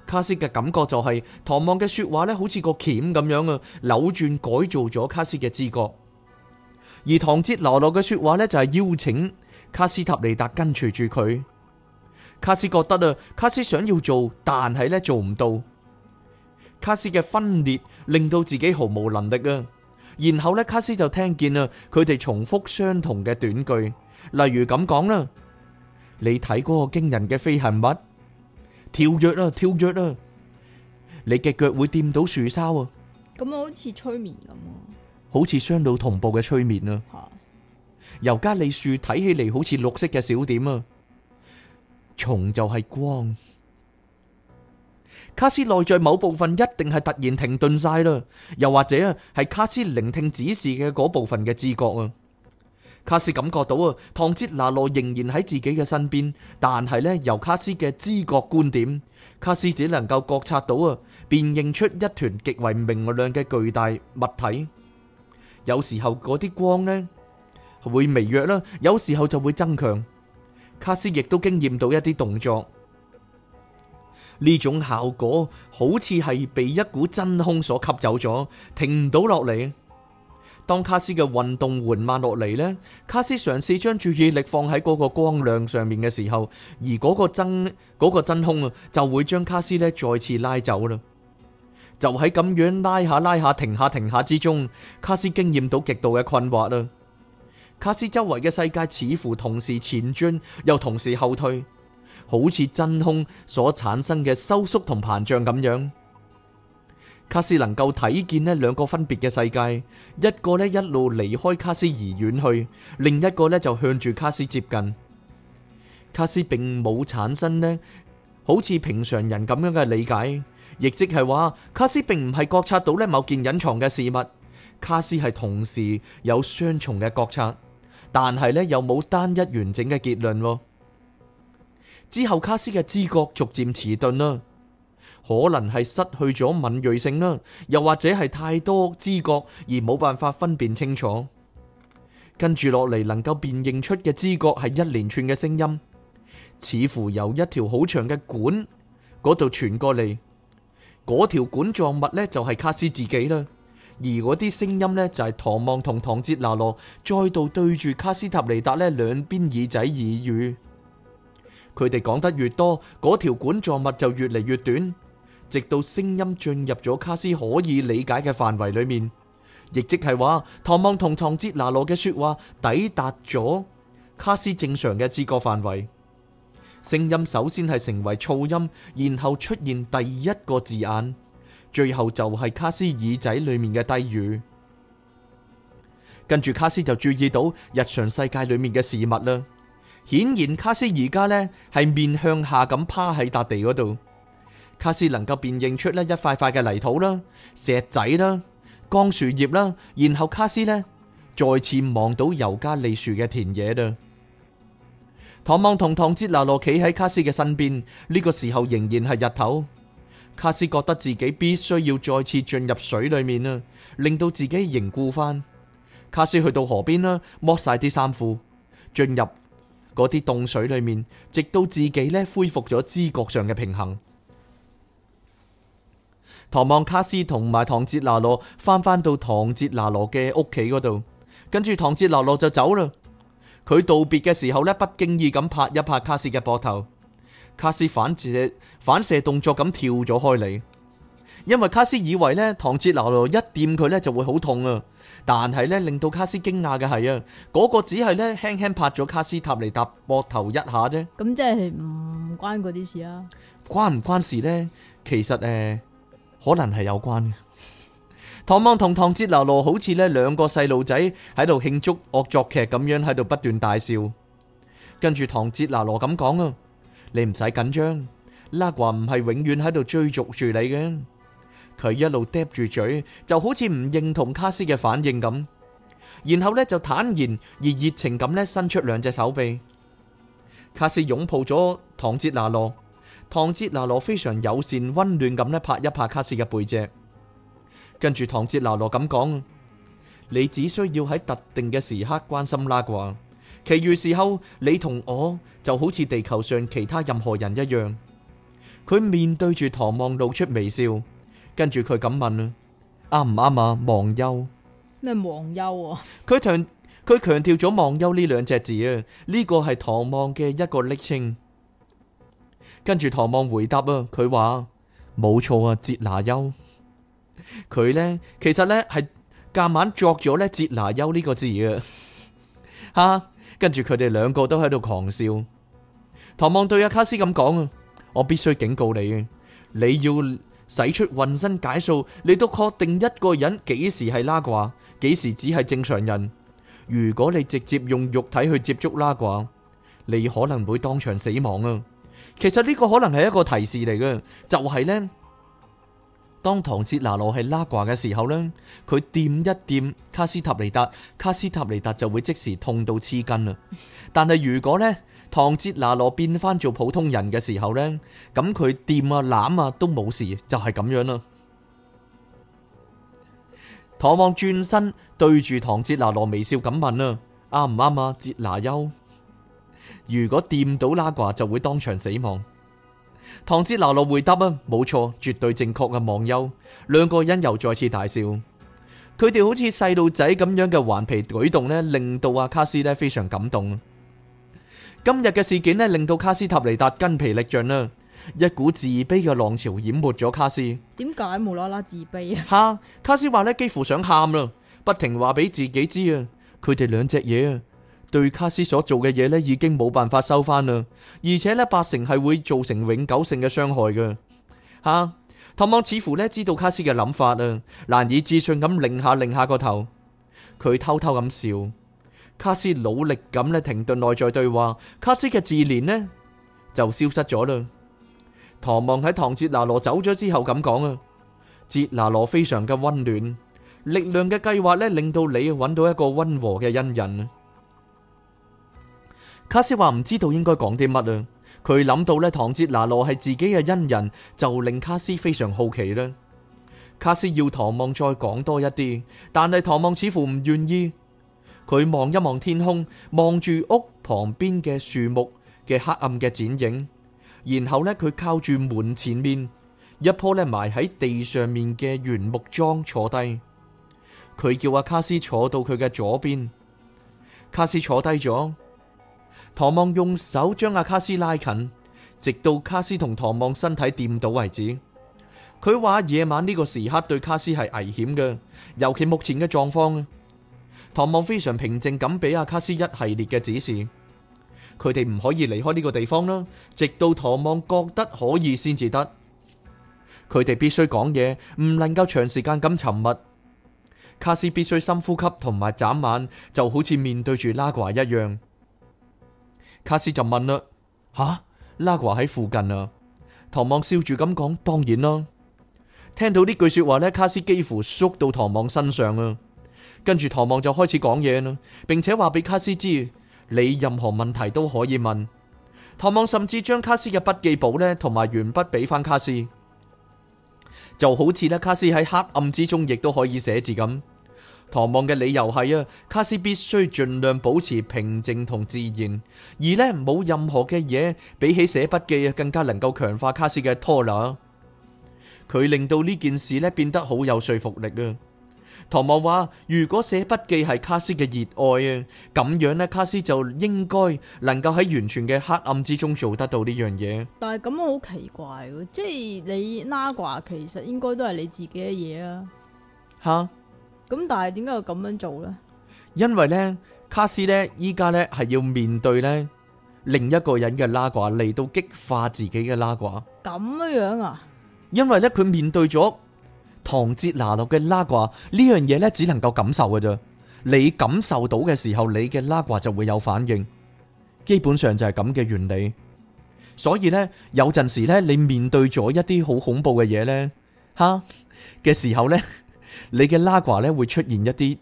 卡斯嘅感覺就係、是、唐望嘅說話咧，好似個鉗咁樣啊，扭轉改造咗卡斯嘅知覺。而唐哲羅羅嘅說話咧，就係邀請卡斯塔尼達跟隨住佢。卡斯覺得啊，卡斯想要做，但係咧做唔到。卡斯嘅分裂令到自己毫無能力啊。然後咧，卡斯就聽見啊，佢哋重複相同嘅短句，例如咁講啦。你睇嗰個驚人嘅飛行物，跳躍啦，跳躍啦！你嘅腳會掂到樹梢啊！咁咪好似催眠咁啊！好似雙腦同步嘅催眠啦。由加利樹睇起嚟好似綠色嘅小點啊，蟲就係光。卡斯內在某部分一定係突然停頓晒啦，又或者係卡斯聆聽指示嘅嗰部分嘅知覺啊。卡斯感覺到啊，唐哲拿羅仍然喺自己嘅身邊，但係呢，由卡斯嘅知覺觀點，卡斯只能夠覺察到啊，辨認出一團極為明亮嘅巨大物體。有時候嗰啲光呢會微弱啦，有時候就會增強。卡斯亦都經驗到一啲動作，呢種效果好似係被一股真空所吸走咗，停唔到落嚟。當卡斯嘅運動緩慢落嚟呢，卡斯嘗試將注意力放喺嗰個光亮上面嘅時候，而嗰個真、嗰個真空啊，就會將卡斯呢再次拉走啦。就喺咁樣拉下拉下停下停下停下之中，卡斯經驗到極度嘅困惑啦。卡斯周圍嘅世界似乎同時前進又同時後退，好似真空所產生嘅收縮同膨脹咁樣。卡斯能夠睇見呢兩個分別嘅世界，一個呢一路離開卡斯而遠去，另一個呢就向住卡斯接近。卡斯並冇產生呢，好似平常人咁樣嘅理解，亦即係話卡斯並唔係覺察到呢某件隱藏嘅事物。卡斯係同時有雙重嘅覺察，但係呢，又冇單一完整嘅結論。之後卡斯嘅知覺逐漸遲鈍啦。可能係失去咗敏銳性啦，又或者係太多知覺而冇辦法分辨清楚。跟住落嚟，能夠辨認出嘅知覺係一連串嘅聲音，似乎由一條好長嘅管嗰度傳過嚟。嗰條管狀物呢，就係、是、卡斯自己啦，而嗰啲聲音呢，就係、是、唐望同唐哲那羅再度對住卡斯塔尼達呢兩邊耳仔耳語。佢哋講得越多，嗰條管狀物就越嚟越短。直到聲音進入咗卡斯可以理解嘅範圍裏面，亦即係話唐望同唐哲拿羅嘅說話抵達咗卡斯正常嘅知覺範圍。聲音首先係成為噪音，然後出現第一個字眼，最後就係卡斯耳仔裏面嘅低語。跟住卡斯就注意到日常世界裏面嘅事物啦。顯然卡斯而家呢係面向下咁趴喺笪地嗰度。卡斯能夠辨認出呢一塊塊嘅泥土啦、石仔啦、光樹葉啦，然後卡斯呢，再次望到尤加利樹嘅田野啦。唐望同唐哲拿羅企喺卡斯嘅身邊，呢個時候，仍然係日頭。卡斯覺得自己必須要再次進入水裏面啦，令到自己凝固翻。卡斯去到河邊啦，剝晒啲衫褲，進入嗰啲凍水裏面，直到自己呢恢復咗知覺上嘅平衡。唐望卡斯同埋唐哲拿羅翻返到唐哲拿羅嘅屋企嗰度，跟住唐哲拿羅就走啦。佢道別嘅時候呢，不經意咁拍一拍卡，卡斯嘅膊頭，卡斯反射反射動作咁跳咗開嚟，因為卡斯以為呢唐哲拿羅一掂佢呢就會好痛啊，但係呢令到卡斯驚訝嘅係啊，嗰、嗰個只係呢輕輕拍咗卡斯塔尼達膊頭一下啫。咁即係唔、嗯、關嗰啲事啊？關唔關事呢？其實誒。呃可能係有關嘅。唐望同唐哲拿羅好似咧兩個細路仔喺度慶祝惡作劇咁樣，喺度不斷大笑，跟住唐哲拿羅咁講啊，你唔使緊張，拉華唔係永遠喺度追逐住你嘅。佢一路嗒住嘴，就好似唔認同卡斯嘅反應咁，然後咧就坦然而熱情咁咧伸出兩隻手臂，卡斯擁抱咗唐哲拿羅。唐哲拿羅非常友善溫暖咁呢，拍一拍卡斯嘅背脊，跟住唐哲拿羅咁講：你只需要喺特定嘅時刻關心啦啩，其餘時候你同我就好似地球上其他任何人一樣。佢面對住唐望露出微笑，跟住佢咁問，啱唔啱啊？忘憂咩忘憂，啊？佢強佢強調咗忘憂呢兩隻字啊，呢、這個係唐望嘅一個昵稱。跟住唐望回答啊，佢話冇錯啊，傑拿優佢 呢，其實呢係夾硬作咗咧傑拿優呢個字 啊吓，跟住佢哋兩個都喺度狂笑。唐望對阿卡斯咁講啊，我必須警告你，你要使出渾身解數，你都確定一個人幾時係拉掛，幾時只係正常人。如果你直接用肉體去接觸拉掛，你可能會當場死亡啊！其實呢個可能係一個提示嚟嘅，就係呢。當唐哲拿羅係拉掛嘅時候呢，佢掂一掂卡斯塔尼達，卡斯塔尼達就會即時痛到黐筋啦。但係如果呢，唐哲拿羅變翻做普通人嘅時候呢，咁佢掂啊攬啊都冇事，就係咁樣啦。唐望轉身對住唐哲拿羅微笑咁問啊：啱唔啱啊，哲拿優？如果掂到拉掛就會當場死亡。唐哲流露回答啊，冇錯，絕對正確嘅忘憂。兩個人又再次大笑。佢哋好似細路仔咁樣嘅頑皮舉動咧，令到阿卡斯咧非常感動。今日嘅事件咧，令到卡斯塔尼達筋疲力盡啦，一股自卑嘅浪潮淹沒咗卡斯。點解無啦啦自卑啊？哈！卡斯話咧，幾乎想喊啦，不停話俾自己知啊，佢哋兩隻嘢啊。對卡斯所做嘅嘢咧，已經冇辦法收翻啦。而且咧，八成係會造成永久性嘅傷害嘅吓。唐望似乎咧知道卡斯嘅諗法啊，難以置信咁擰下擰下個頭，佢偷偷咁笑。卡斯努力咁咧停頓內在對話，卡斯嘅自憐呢就消失咗啦。唐望喺唐哲拿羅走咗之後咁講啊，哲拿羅非常嘅溫暖，力量嘅計劃咧，令到你揾到一個溫和嘅恩人。卡斯話唔知道應該講啲乜啦，佢諗到咧唐哲拿羅係自己嘅恩人，就令卡斯非常好奇啦。卡斯要唐望再講多一啲，但係唐望似乎唔願意。佢望一望天空，望住屋旁邊嘅樹木嘅黑暗嘅剪影，然後呢，佢靠住門前面一樖咧埋喺地上面嘅原木樁坐低。佢叫阿卡斯坐到佢嘅左邊，卡斯坐低咗。唐望用手將阿卡斯拉近，直到卡斯同唐望身體掂到為止。佢話夜晚呢個時刻對卡斯係危險嘅，尤其目前嘅狀況。唐望非常平靜咁俾阿卡斯一系列嘅指示。佢哋唔可以離開呢個地方啦，直到唐望覺得可以先至得。佢哋必須講嘢，唔能夠長時間咁沉默。卡斯必須深呼吸同埋眨眼，就好似面對住拉瓜一樣。卡斯就問啦：吓、啊，拉華喺附近啊？唐望笑住咁講：當然啦。聽到呢句說話呢，卡斯幾乎縮到唐望身上啊。跟住唐望就開始講嘢啦，並且話俾卡斯知：你任何問題都可以問。唐望甚至將卡斯嘅筆記簿呢同埋鉛筆俾翻卡斯，就好似呢，卡斯喺黑暗之中亦都可以寫字咁。唐望嘅理由係啊，卡斯必須盡量保持平靜同自然，而咧冇任何嘅嘢比起寫筆記啊，更加能夠強化卡斯嘅拖懶。佢令到呢件事呢變得好有說服力啊！唐望話：如果寫筆記係卡斯嘅熱愛啊，咁樣呢，卡斯就應該能夠喺完全嘅黑暗之中做得到呢樣嘢。但係咁好奇怪，即係你拉 a 其實應該都係你自己嘅嘢啊！吓？咁但係點解要咁樣做呢？因為呢，卡斯呢依家呢係要面對呢另一個人嘅拉掛嚟到激化自己嘅拉掛。咁樣樣啊？因為呢，佢面對咗唐哲拿落嘅拉掛呢樣嘢呢，只能夠感受嘅啫。你感受到嘅時候，你嘅拉掛就會有反應。基本上就係咁嘅原理。所以呢，有陣時呢，你面對咗一啲好恐怖嘅嘢呢，吓嘅時候呢。你嘅拉掛咧會出現一啲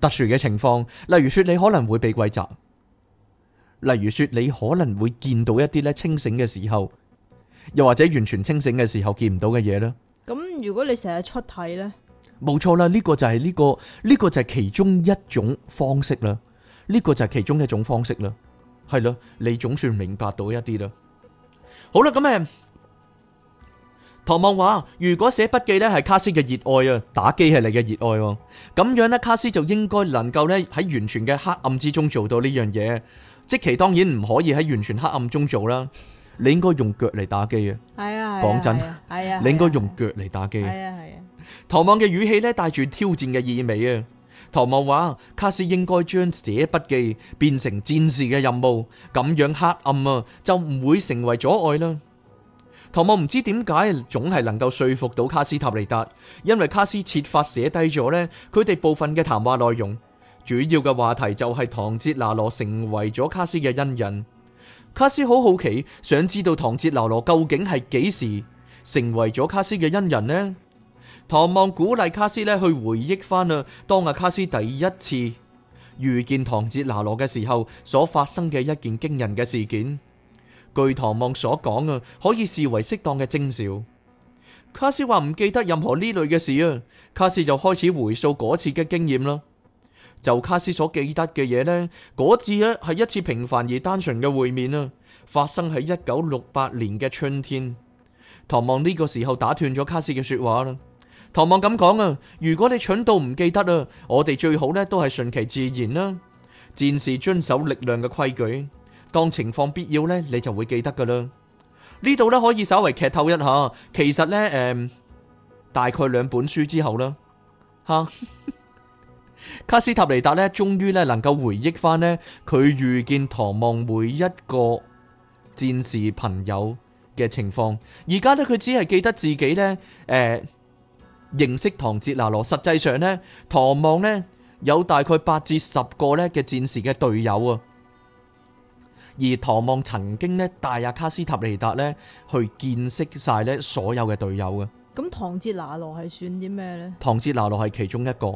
特殊嘅情況，例如說你可能會被鬼閘，例如說你可能會見到一啲咧清醒嘅時候，又或者完全清醒嘅時候見唔到嘅嘢咧。咁如果你成日出體咧，冇錯啦，呢、這個就係呢、這個呢、這個就係其中一種方式啦，呢、這個就係其中一種方式啦，係咯，你總算明白到一啲啦。好啦，咁、嗯、誒。唐望話：如果寫筆記咧係卡斯嘅熱愛啊，打機係你嘅熱愛，咁樣咧卡斯就應該能夠咧喺完全嘅黑暗之中做到呢樣嘢。即其當然唔可以喺完全黑暗中做啦，你應該用腳嚟打機啊！係啊，講真，係啊，你應該用腳嚟打機。係啊係啊。唐望嘅語氣咧帶住挑戰嘅意味啊。唐望話：卡斯應該將寫筆記變成戰士嘅任務，咁樣黑暗啊就唔會成為阻礙啦。唐望唔知點解總係能夠說服到卡斯塔利達，因為卡斯設法寫低咗呢，佢哋部分嘅談話內容，主要嘅話題就係唐哲拿羅成為咗卡斯嘅恩人。卡斯好好奇，想知道唐哲拿羅究竟係幾時成為咗卡斯嘅恩人呢？唐望鼓勵卡斯咧去回憶翻啊，當阿卡斯第一次遇見唐哲拿羅嘅時候，所發生嘅一件驚人嘅事件。據唐望所講啊，可以視為適當嘅徵兆。卡斯話唔記得任何呢類嘅事啊，卡斯就開始回溯嗰次嘅經驗啦。就卡斯所記得嘅嘢呢，嗰次咧係一次平凡而單純嘅會面啦，發生喺一九六八年嘅春天。唐望呢個時候打斷咗卡斯嘅說話啦。唐望咁講啊，如果你蠢到唔記得啊，我哋最好咧都係順其自然啦，戰士遵守力量嘅規矩。當情況必要呢，你就會記得噶啦。呢度呢，可以稍微劇透一下，其實呢，誒、呃，大概兩本書之後啦，哈， 卡斯塔尼達呢，終於呢能夠回憶翻呢，佢遇見唐望每一個戰士朋友嘅情況。而家呢，佢只係記得自己呢，誒、呃，認識唐哲拿羅。實際上呢，唐望呢，有大概八至十個呢嘅戰士嘅隊友啊。而唐望曾經咧帶阿卡斯塔尼達咧去見識晒咧所有嘅隊友嘅。咁唐哲拿羅係算啲咩呢，呢，呢，呢？唐哲拿羅係其中一個。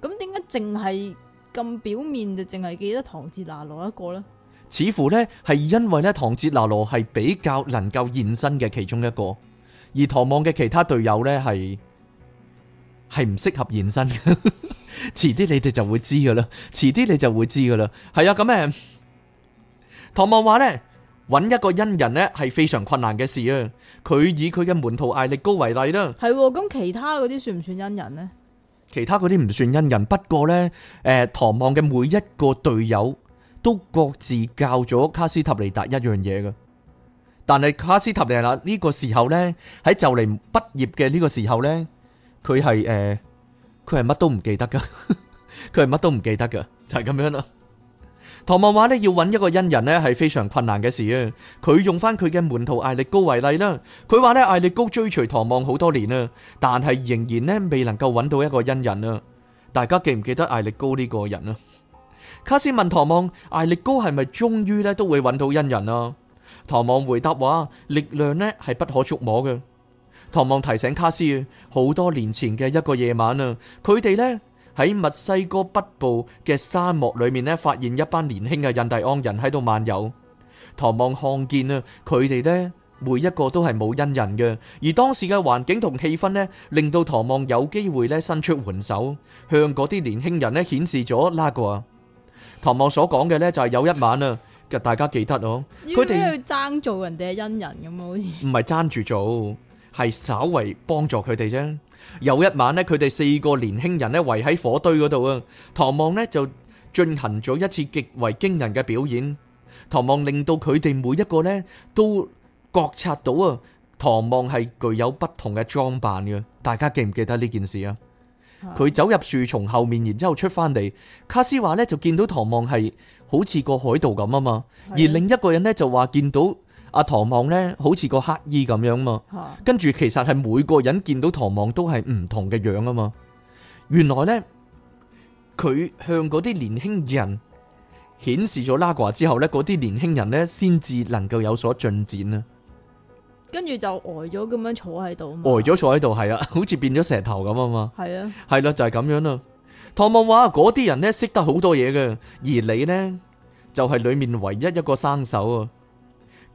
咁點解淨係咁表面就淨係記得唐哲拿羅一個呢？似乎呢係因為咧唐哲拿羅係比較能夠現身嘅其中一個，而唐望嘅其他隊友呢，係係唔適合現身。遲 啲你哋就會知噶啦，遲啲你就會知噶啦。係啊，咁誒。唐望話呢，揾一個恩人呢係非常困難嘅事啊！佢以佢嘅門徒艾力高為例啦，係咁其他嗰啲算唔算恩人呢？其他嗰啲唔算恩人，不過呢，誒，唐望嘅每一個隊友都各自教咗卡斯塔尼達一樣嘢噶，但係卡斯塔尼達呢個時候呢，喺就嚟畢業嘅呢個時候呢，佢係誒，佢係乜都唔記得噶，佢係乜都唔記得噶，就係咁樣啦。唐望話咧要揾一個恩人呢，係非常困難嘅事啊！佢用翻佢嘅門徒艾力高為例啦，佢話呢，艾力高追隨唐望好多年啊，但係仍然呢，未能夠揾到一個恩人啊！大家記唔記得艾力高呢個人啊？卡斯問唐望：艾力高係咪終於呢都會揾到恩人啊？唐望回答話：力量呢係不可觸摸嘅。唐望提醒卡斯：好多年前嘅一個夜晚啊，佢哋呢。喺墨西哥北部嘅沙漠裏面咧，發現一班年輕嘅印第安人喺度漫遊。唐望看見啊，佢哋咧每一個都係冇恩人嘅，而當時嘅環境同氣氛咧，令到唐望有機會咧伸出援手，向嗰啲年輕人咧顯示咗拉嘅。唐望所講嘅咧就係有一晚啊，大家記得哦。佢哋爭做人哋嘅恩人咁啊，好似唔係爭住做，係稍為幫助佢哋啫。有一晚咧，佢哋四個年輕人咧圍喺火堆嗰度啊，唐望咧就進行咗一次極為驚人嘅表演。唐望令到佢哋每一個咧都覺察到啊，唐望係具有不同嘅裝扮嘅。大家記唔記得呢件事啊？佢走入樹叢後面，然之後出翻嚟，卡斯華咧就見到唐望係好似個海盜咁啊嘛。而另一個人咧就話見到。阿唐望咧，好似個乞衣咁樣嘛，跟住其實係每個人見到唐望都係唔同嘅樣啊嘛。原來咧，佢向嗰啲年輕人顯示咗拉瓜之後咧，嗰啲年輕人咧先至能夠有所進展啊。跟住就呆咗咁樣坐喺度嘛，呆咗坐喺度係啊，好似變咗石頭咁啊嘛。係啊，係啦，就係咁樣啦。唐望話：嗰啲人咧識得好多嘢嘅，而你咧就係裏面唯一一個生手啊。